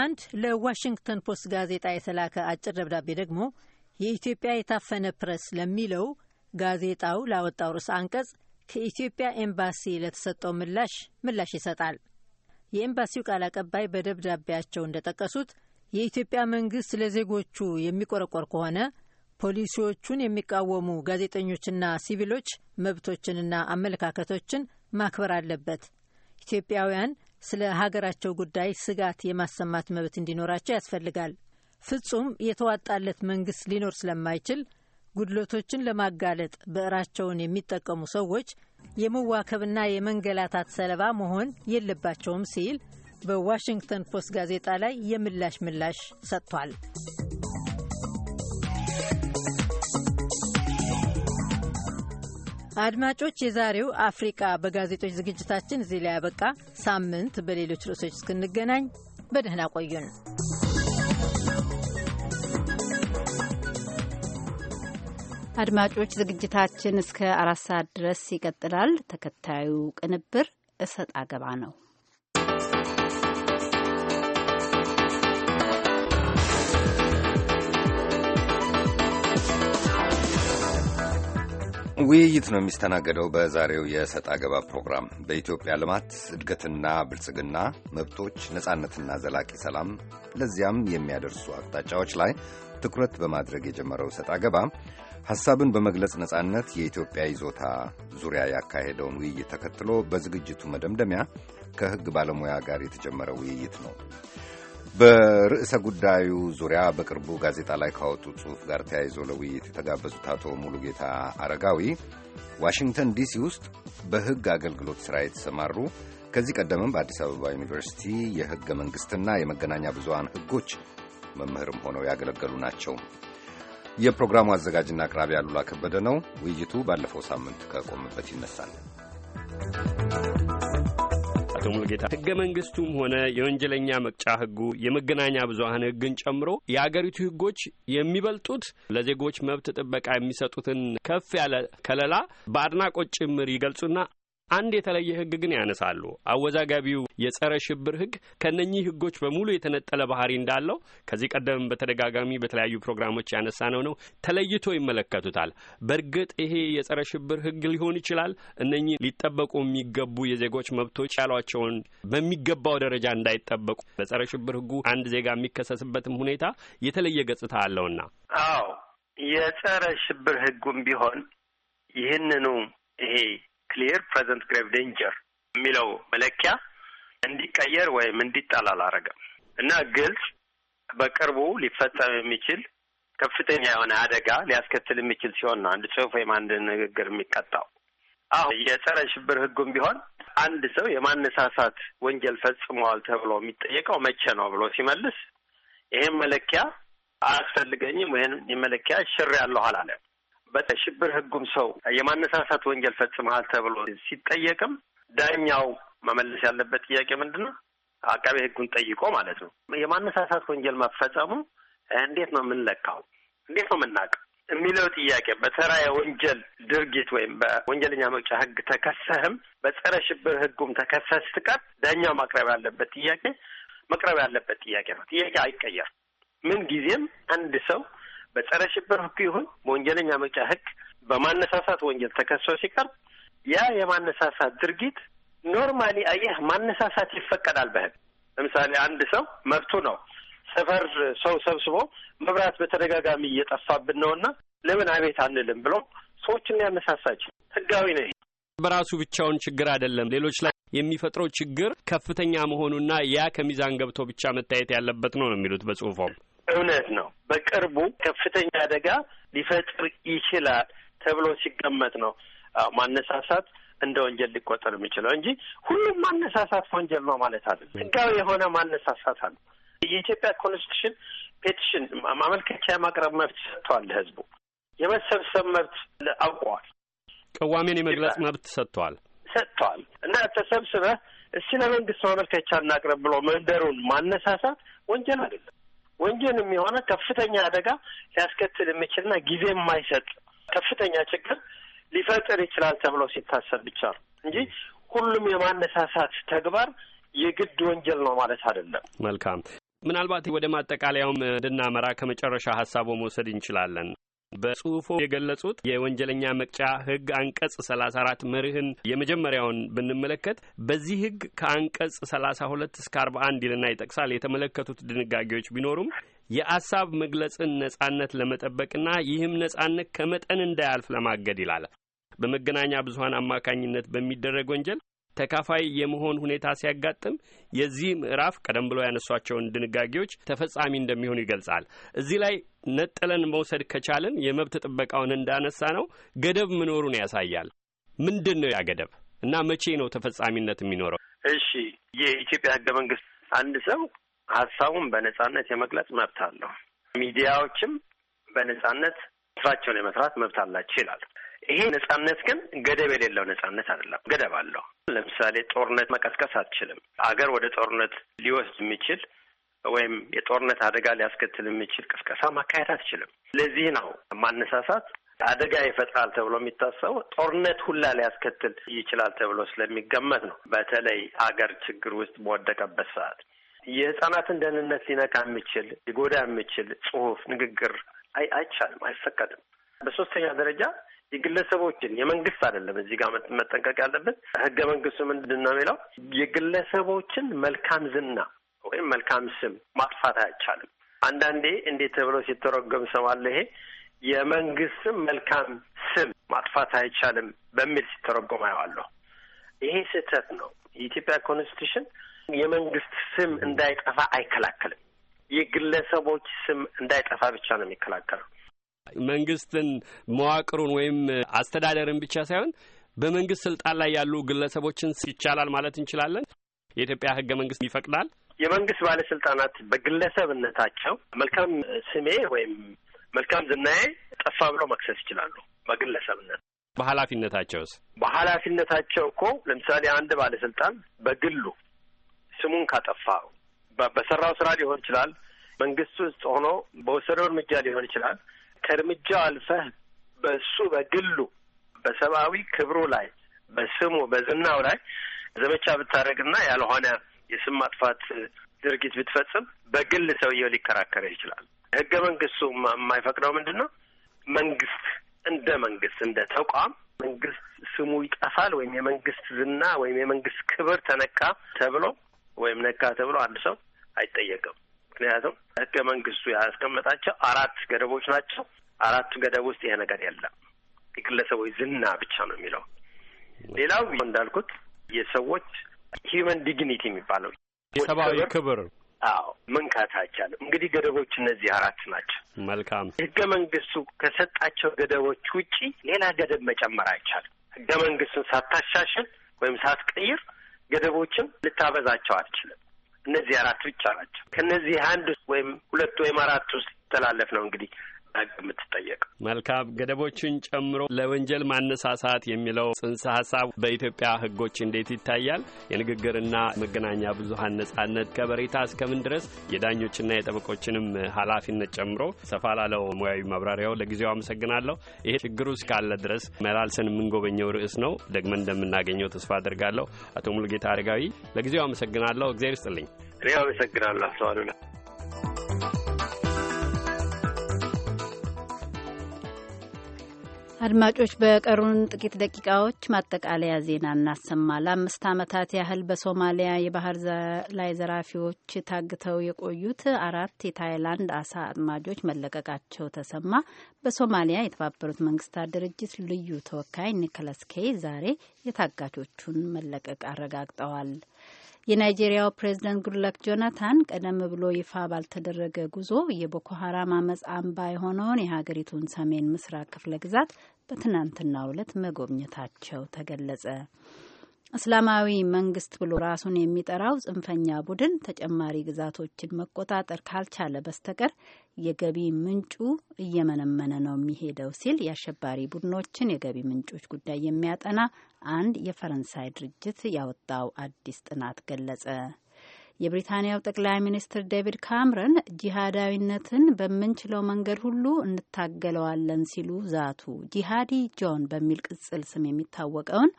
አንድ ለዋሽንግተን ፖስት ጋዜጣ የተላከ አጭር ደብዳቤ ደግሞ የኢትዮጵያ የታፈነ ፕረስ ለሚለው ጋዜጣው ላወጣው ርዕሰ አንቀጽ ከኢትዮጵያ ኤምባሲ ለተሰጠው ምላሽ ምላሽ ይሰጣል። የኤምባሲው ቃል አቀባይ በደብዳቤያቸው እንደጠቀሱት የኢትዮጵያ መንግስት ለዜጎቹ የሚቆረቆር ከሆነ ፖሊሲዎቹን የሚቃወሙ ጋዜጠኞችና ሲቪሎች መብቶችንና አመለካከቶችን ማክበር አለበት። ኢትዮጵያውያን ስለ ሀገራቸው ጉዳይ ስጋት የማሰማት መብት እንዲኖራቸው ያስፈልጋል። ፍጹም የተዋጣለት መንግስት ሊኖር ስለማይችል ጉድለቶችን ለማጋለጥ ብዕራቸውን የሚጠቀሙ ሰዎች የመዋከብና የመንገላታት ሰለባ መሆን የለባቸውም ሲል በዋሽንግተን ፖስት ጋዜጣ ላይ የምላሽ ምላሽ ሰጥቷል። አድማጮች፣ የዛሬው አፍሪቃ በጋዜጦች ዝግጅታችን እዚህ ላይ ያበቃ። ሳምንት በሌሎች ርዕሶች እስክንገናኝ በደህና ቆዩን። አድማጮች ዝግጅታችን እስከ አራት ሰዓት ድረስ ይቀጥላል። ተከታዩ ቅንብር እሰጥ አገባ ነው። ውይይት ነው የሚስተናገደው በዛሬው የእሰጥ አገባ ፕሮግራም በኢትዮጵያ ልማት እድገትና ብልጽግና፣ መብቶች፣ ነጻነትና ዘላቂ ሰላም ለዚያም የሚያደርሱ አቅጣጫዎች ላይ ትኩረት በማድረግ የጀመረው እሰጥ አገባ ሐሳብን በመግለጽ ነጻነት የኢትዮጵያ ይዞታ ዙሪያ ያካሄደውን ውይይት ተከትሎ በዝግጅቱ መደምደሚያ ከሕግ ባለሙያ ጋር የተጀመረ ውይይት ነው። በርዕሰ ጉዳዩ ዙሪያ በቅርቡ ጋዜጣ ላይ ካወጡ ጽሑፍ ጋር ተያይዞ ለውይይት የተጋበዙት አቶ ሙሉጌታ አረጋዊ ዋሽንግተን ዲሲ ውስጥ በሕግ አገልግሎት ሥራ የተሰማሩ ከዚህ ቀደምም በአዲስ አበባ ዩኒቨርሲቲ የሕገ መንግሥትና የመገናኛ ብዙሃን ሕጎች መምህርም ሆነው ያገለገሉ ናቸው። የፕሮግራሙ አዘጋጅና አቅራቢ አሉላ ከበደ ነው። ውይይቱ ባለፈው ሳምንት ከቆምበት ይነሳል። አቶ ሙልጌታ ህገ መንግስቱም ሆነ የወንጀለኛ መቅጫ ህጉ የመገናኛ ብዙሀን ህግን ጨምሮ የአገሪቱ ህጎች የሚበልጡት ለዜጎች መብት ጥበቃ የሚሰጡትን ከፍ ያለ ከለላ በአድናቆት ጭምር ይገልጹና አንድ የተለየ ህግ ግን ያነሳሉ። አወዛጋቢው የጸረ ሽብር ህግ ከነኚህ ህጎች በሙሉ የተነጠለ ባህሪ እንዳለው ከዚህ ቀደም በተደጋጋሚ በተለያዩ ፕሮግራሞች ያነሳ ነው ነው ተለይቶ ይመለከቱታል። በእርግጥ ይሄ የጸረ ሽብር ህግ ሊሆን ይችላል እነኚህ ሊጠበቁ የሚገቡ የዜጎች መብቶች ያሏቸውን በሚገባው ደረጃ እንዳይጠበቁ በጸረ ሽብር ህጉ አንድ ዜጋ የሚከሰስበትም ሁኔታ የተለየ ገጽታ አለውና አዎ የጸረ ሽብር ህጉም ቢሆን ይህንኑ ይሄ ክሊየር ፕሬዘንት ግሬቭ ዴንጀር የሚለው መለኪያ እንዲቀየር ወይም እንዲጣል አላረገም እና ግልጽ በቅርቡ ሊፈጸም የሚችል ከፍተኛ የሆነ አደጋ ሊያስከትል የሚችል ሲሆን ነው አንድ ጽሁፍ ወይም አንድ ንግግር የሚቀጣው። አሁ የጸረ ሽብር ህጉም ቢሆን አንድ ሰው የማነሳሳት ወንጀል ፈጽመዋል ተብሎ የሚጠየቀው መቼ ነው ብሎ ሲመልስ ይህም መለኪያ አያስፈልገኝም ወይም የመለኪያ ሽር ያለኋል አለም በሽብር ህጉም ሰው የማነሳሳት ወንጀል ፈጽመሃል ተብሎ ሲጠየቅም ዳኛው መመለስ ያለበት ጥያቄ ምንድን ነው? አቃቤ ህጉን ጠይቆ ማለት ነው። የማነሳሳት ወንጀል መፈጸሙ እንዴት ነው የምንለካው? እንዴት ነው የምናውቀው የሚለው ጥያቄ በተራ የወንጀል ድርጊት ወይም በወንጀለኛ መቅጫ ህግ ተከሰህም በጸረ ሽብር ህጉም ተከሰህ ስትቀር ዳኛው ማቅረብ ያለበት ጥያቄ መቅረብ ያለበት ጥያቄ ነው። ጥያቄ አይቀየርም። ምን ጊዜም አንድ ሰው በጸረ ሽብር ህግ ይሁን በወንጀለኛ መቅጫ ህግ በማነሳሳት ወንጀል ተከሶ ሲቀርብ ያ የማነሳሳት ድርጊት ኖርማሊ አየህ ማነሳሳት ይፈቀዳል በህግ። ለምሳሌ አንድ ሰው መብቱ ነው። ሰፈር ሰው ሰብስቦ መብራት በተደጋጋሚ እየጠፋብን እና ለምን አቤት አንልም ብሎ ሰዎችን ያነሳሳች ህጋዊ ነው። በራሱ ብቻውን ችግር አይደለም፣ ሌሎች ላይ የሚፈጥረው ችግር ከፍተኛ መሆኑና ያ ከሚዛን ገብቶ ብቻ መታየት ያለበት ነው ነው የሚሉት በጽሁፎም እውነት ነው። በቅርቡ ከፍተኛ አደጋ ሊፈጥር ይችላል ተብሎ ሲገመት ነው ማነሳሳት እንደ ወንጀል ሊቆጠር የሚችለው እንጂ ሁሉም ማነሳሳት ወንጀል ነው ማለት አለ። ህጋዊ የሆነ ማነሳሳት አለ። የኢትዮጵያ ኮንስቲቱሽን ፔቲሽን ማመልከቻ የማቅረብ መብት ሰጥተዋል። ለህዝቡ የመሰብሰብ መብት አውቀዋል። ቅዋሜን የመግለጽ መብት ሰጥተዋል ሰጥተዋል እና ተሰብስበህ እስቲ ለመንግስት ማመልከቻ እናቅረብ ብሎ መንደሩን ማነሳሳት ወንጀል አይደለም። ወንጀልም የሆነ ከፍተኛ አደጋ ሊያስከትል የሚችልና ጊዜ የማይሰጥ ከፍተኛ ችግር ሊፈጥር ይችላል ተብሎ ሲታሰብ ብቻ ነው እንጂ ሁሉም የማነሳሳት ተግባር የግድ ወንጀል ነው ማለት አይደለም። መልካም። ምናልባት ወደ ማጠቃለያውም እንድናመራ ከመጨረሻ ሀሳቡ መውሰድ እንችላለን። በጽሁፎ የገለጹት የወንጀለኛ መቅጫ ህግ አንቀጽ ሰላሳ አራት መርህን የመጀመሪያውን ብንመለከት በዚህ ህግ ከአንቀጽ ሰላሳ ሁለት እስከ አርባ አንድ ይልና ይጠቅሳል የተመለከቱት ድንጋጌዎች ቢኖሩም የአሳብ መግለጽን ነጻነት ለመጠበቅና ይህም ነጻነት ከመጠን እንዳያልፍ ለማገድ ይላል። በመገናኛ ብዙሀን አማካኝነት በሚደረግ ወንጀል ተካፋይ የመሆን ሁኔታ ሲያጋጥም የዚህ ምዕራፍ ቀደም ብሎ ያነሷቸውን ድንጋጌዎች ተፈጻሚ እንደሚሆኑ ይገልጻል። እዚህ ላይ ነጥለን መውሰድ ከቻልን የመብት ጥበቃውን እንዳነሳ ነው ገደብ መኖሩን ያሳያል። ምንድን ነው ያ ገደብ እና መቼ ነው ተፈጻሚነት የሚኖረው? እሺ የኢትዮጵያ ህገ መንግስት አንድ ሰው ሀሳቡን በነጻነት የመግለጽ መብት አለው። ሚዲያዎችም በነጻነት ስራቸውን የመስራት መብት አላቸው ይላል። ይሄ ነጻነት ግን ገደብ የሌለው ነጻነት አይደለም። ገደብ አለው። ለምሳሌ ጦርነት መቀስቀስ አትችልም። አገር ወደ ጦርነት ሊወስድ የሚችል ወይም የጦርነት አደጋ ሊያስከትል የሚችል ቅስቀሳ ማካሄድ አትችልም። ለዚህ ነው ማነሳሳት አደጋ ይፈጥራል ተብሎ የሚታሰበው ጦርነት ሁላ ሊያስከትል ይችላል ተብሎ ስለሚገመት ነው። በተለይ አገር ችግር ውስጥ በወደቀበት ሰዓት የህፃናትን ደህንነት ሊነካ የሚችል ሊጎዳ የሚችል ጽሁፍ፣ ንግግር አይቻልም፣ አይፈቀድም። በሶስተኛ ደረጃ የግለሰቦችን የመንግስት አይደለም። እዚህ ጋር መጠንቀቅ ያለብን ህገ መንግስቱ ምንድን ነው የሚለው የግለሰቦችን መልካም ዝና ወይም መልካም ስም ማጥፋት አይቻልም። አንዳንዴ እንዴት ተብሎ ሲተረጎም ሰማለ ይሄ የመንግስትም መልካም ስም ማጥፋት አይቻልም በሚል ሲተረጎም አየዋለሁ። ይሄ ስህተት ነው። የኢትዮጵያ ኮንስቲቱሽን የመንግስት ስም እንዳይጠፋ አይከላከልም። የግለሰቦች ስም እንዳይጠፋ ብቻ ነው የሚከላከለው። መንግስትን መዋቅሩን ወይም አስተዳደርን ብቻ ሳይሆን በመንግስት ስልጣን ላይ ያሉ ግለሰቦችን ይቻላል ማለት እንችላለን። የኢትዮጵያ ህገ መንግስት ይፈቅዳል። የመንግስት ባለስልጣናት በግለሰብነታቸው መልካም ስሜ ወይም መልካም ዝናዬ ጠፋ ብሎ መክሰስ ይችላሉ። በግለሰብነት በኃላፊነታቸውስ በኃላፊነታቸው እኮ ለምሳሌ አንድ ባለስልጣን በግሉ ስሙን ካጠፋ በሰራው ስራ ሊሆን ይችላል፣ መንግስት ውስጥ ሆኖ በወሰደው እርምጃ ሊሆን ይችላል ከእርምጃው አልፈህ በሱ በግሉ በሰብአዊ ክብሩ ላይ በስሙ በዝናው ላይ ዘመቻ ብታደርግና ያልሆነ የስም ማጥፋት ድርጊት ብትፈጽም በግል ሰውየው ሊከራከር ይችላል። ህገ መንግስቱ የማይፈቅደው ምንድን ነው? መንግስት እንደ መንግስት እንደ ተቋም መንግስት ስሙ ይጠፋል ወይም የመንግስት ዝና ወይም የመንግስት ክብር ተነካ ተብሎ ወይም ነካ ተብሎ አንድ ሰው አይጠየቅም። ምክንያቱም ህገ መንግስቱ ያስቀመጣቸው አራት ገደቦች ናቸው። አራቱ ገደብ ውስጥ ይሄ ነገር የለም። የግለሰቦች ዝና ብቻ ነው የሚለው። ሌላው እንዳልኩት የሰዎች ሂዩመን ዲግኒቲ የሚባለው የሰብአዊ ክብር አዎ መንካት አይቻልም። እንግዲህ ገደቦች እነዚህ አራት ናቸው። መልካም ህገ መንግስቱ ከሰጣቸው ገደቦች ውጪ ሌላ ገደብ መጨመር አይቻልም። ህገ መንግስቱን ሳታሻሽል ወይም ሳትቀይር ገደቦችን ልታበዛቸው አትችልም። እነዚህ አራት ብቻ ናቸው። ከነዚህ አንድ ወይም ሁለት ወይም አራት ውስጥ ተላለፍ ነው እንግዲህ ህግ የምትጠየቅ። መልካም ገደቦችን ጨምሮ ለወንጀል ማነሳሳት የሚለው ጽንሰ ሀሳብ በኢትዮጵያ ህጎች እንዴት ይታያል? የንግግርና መገናኛ ብዙሀን ነጻነት ከበሬታ እስከምን ድረስ የዳኞችና የጠበቆችንም ኃላፊነት ጨምሮ ሰፋ ላለው ሙያዊ ማብራሪያው ለጊዜው አመሰግናለሁ። ይሄ ችግሩ እስካለ ድረስ መላልሰን የምንጎበኘው ርዕስ ነው። ደግመን እንደምናገኘው ተስፋ አድርጋለሁ። አቶ ሙሉጌታ አረጋዊ ለጊዜው አመሰግናለሁ። እግዜር ይስጥልኝ። እኔ አመሰግናለሁ አቶ አሉላ። አድማጮች በቀሩን ጥቂት ደቂቃዎች ማጠቃለያ ዜና እናሰማ። ለአምስት ዓመታት ያህል በሶማሊያ የባህር ላይ ዘራፊዎች ታግተው የቆዩት አራት የታይላንድ አሳ አጥማጆች መለቀቃቸው ተሰማ። በሶማሊያ የተባበሩት መንግስታት ድርጅት ልዩ ተወካይ ኒኮላስ ኬይ ዛሬ የታጋቾቹን መለቀቅ አረጋግጠዋል። የናይጄሪያው ፕሬዚደንት ጉድለክ ጆናታን ቀደም ብሎ ይፋ ባልተደረገ ጉዞ የቦኮ ሀራም አመፅ አምባ የሆነውን የሀገሪቱን ሰሜን ምስራቅ ክፍለ ግዛት በትናንትናው ዕለት መጎብኘታቸው ተገለጸ። እስላማዊ መንግስት ብሎ ራሱን የሚጠራው ጽንፈኛ ቡድን ተጨማሪ ግዛቶችን መቆጣጠር ካልቻለ በስተቀር የገቢ ምንጩ እየመነመነ ነው የሚሄደው ሲል የአሸባሪ ቡድኖችን የገቢ ምንጮች ጉዳይ የሚያጠና አንድ የፈረንሳይ ድርጅት ያወጣው አዲስ ጥናት ገለጸ። የብሪታንያው ጠቅላይ ሚኒስትር ዴቪድ ካምረን ጂሃዳዊነትን በምንችለው መንገድ ሁሉ እንታገለዋለን ሲሉ ዛቱ። ጂሃዲ ጆን በሚል ቅጽል ስም የሚታወቀውን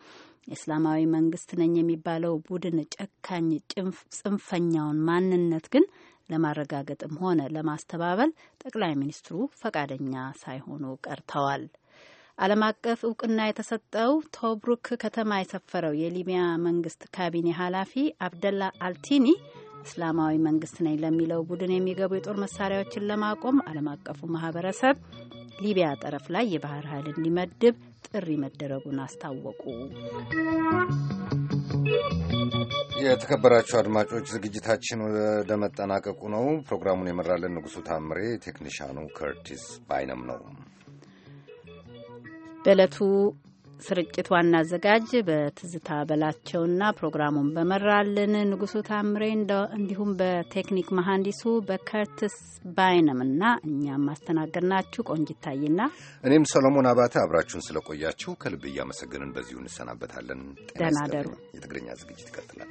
እስላማዊ መንግስት ነኝ የሚባለው ቡድን ጨካኝ ጽንፈኛውን ማንነት ግን ለማረጋገጥም ሆነ ለማስተባበል ጠቅላይ ሚኒስትሩ ፈቃደኛ ሳይሆኑ ቀርተዋል። ዓለም አቀፍ እውቅና የተሰጠው ቶብሩክ ከተማ የሰፈረው የሊቢያ መንግስት ካቢኔ ኃላፊ አብደላ አልቲኒ እስላማዊ መንግስት ነኝ ለሚለው ቡድን የሚገቡ የጦር መሳሪያዎችን ለማቆም ዓለም አቀፉ ማህበረሰብ ሊቢያ ጠረፍ ላይ የባህር ኃይል እንዲመድብ ጥሪ መደረጉን አስታወቁ። የተከበራቸው አድማጮች ዝግጅታችን ወደ መጠናቀቁ ነው። ፕሮግራሙን የመራልን ንጉሱ ታምሬ፣ ቴክኒሻኑ ከርቲስ ባይነም ነው። በዕለቱ ስርጭት ዋና አዘጋጅ በትዝታ በላቸውና ፕሮግራሙን በመራልን ንጉሱ ታምሬ እንዲሁም በቴክኒክ መሐንዲሱ በከርትስ ባይነምና እኛም ማስተናገድ ናችሁ ቆንጅታይና እኔም ሰሎሞን አባተ አብራችሁን ስለቆያችሁ ከልብ እያመሰገንን በዚሁ እንሰናበታለን። ደህና ደሩ። የትግርኛ ዝግጅት ይቀጥላል።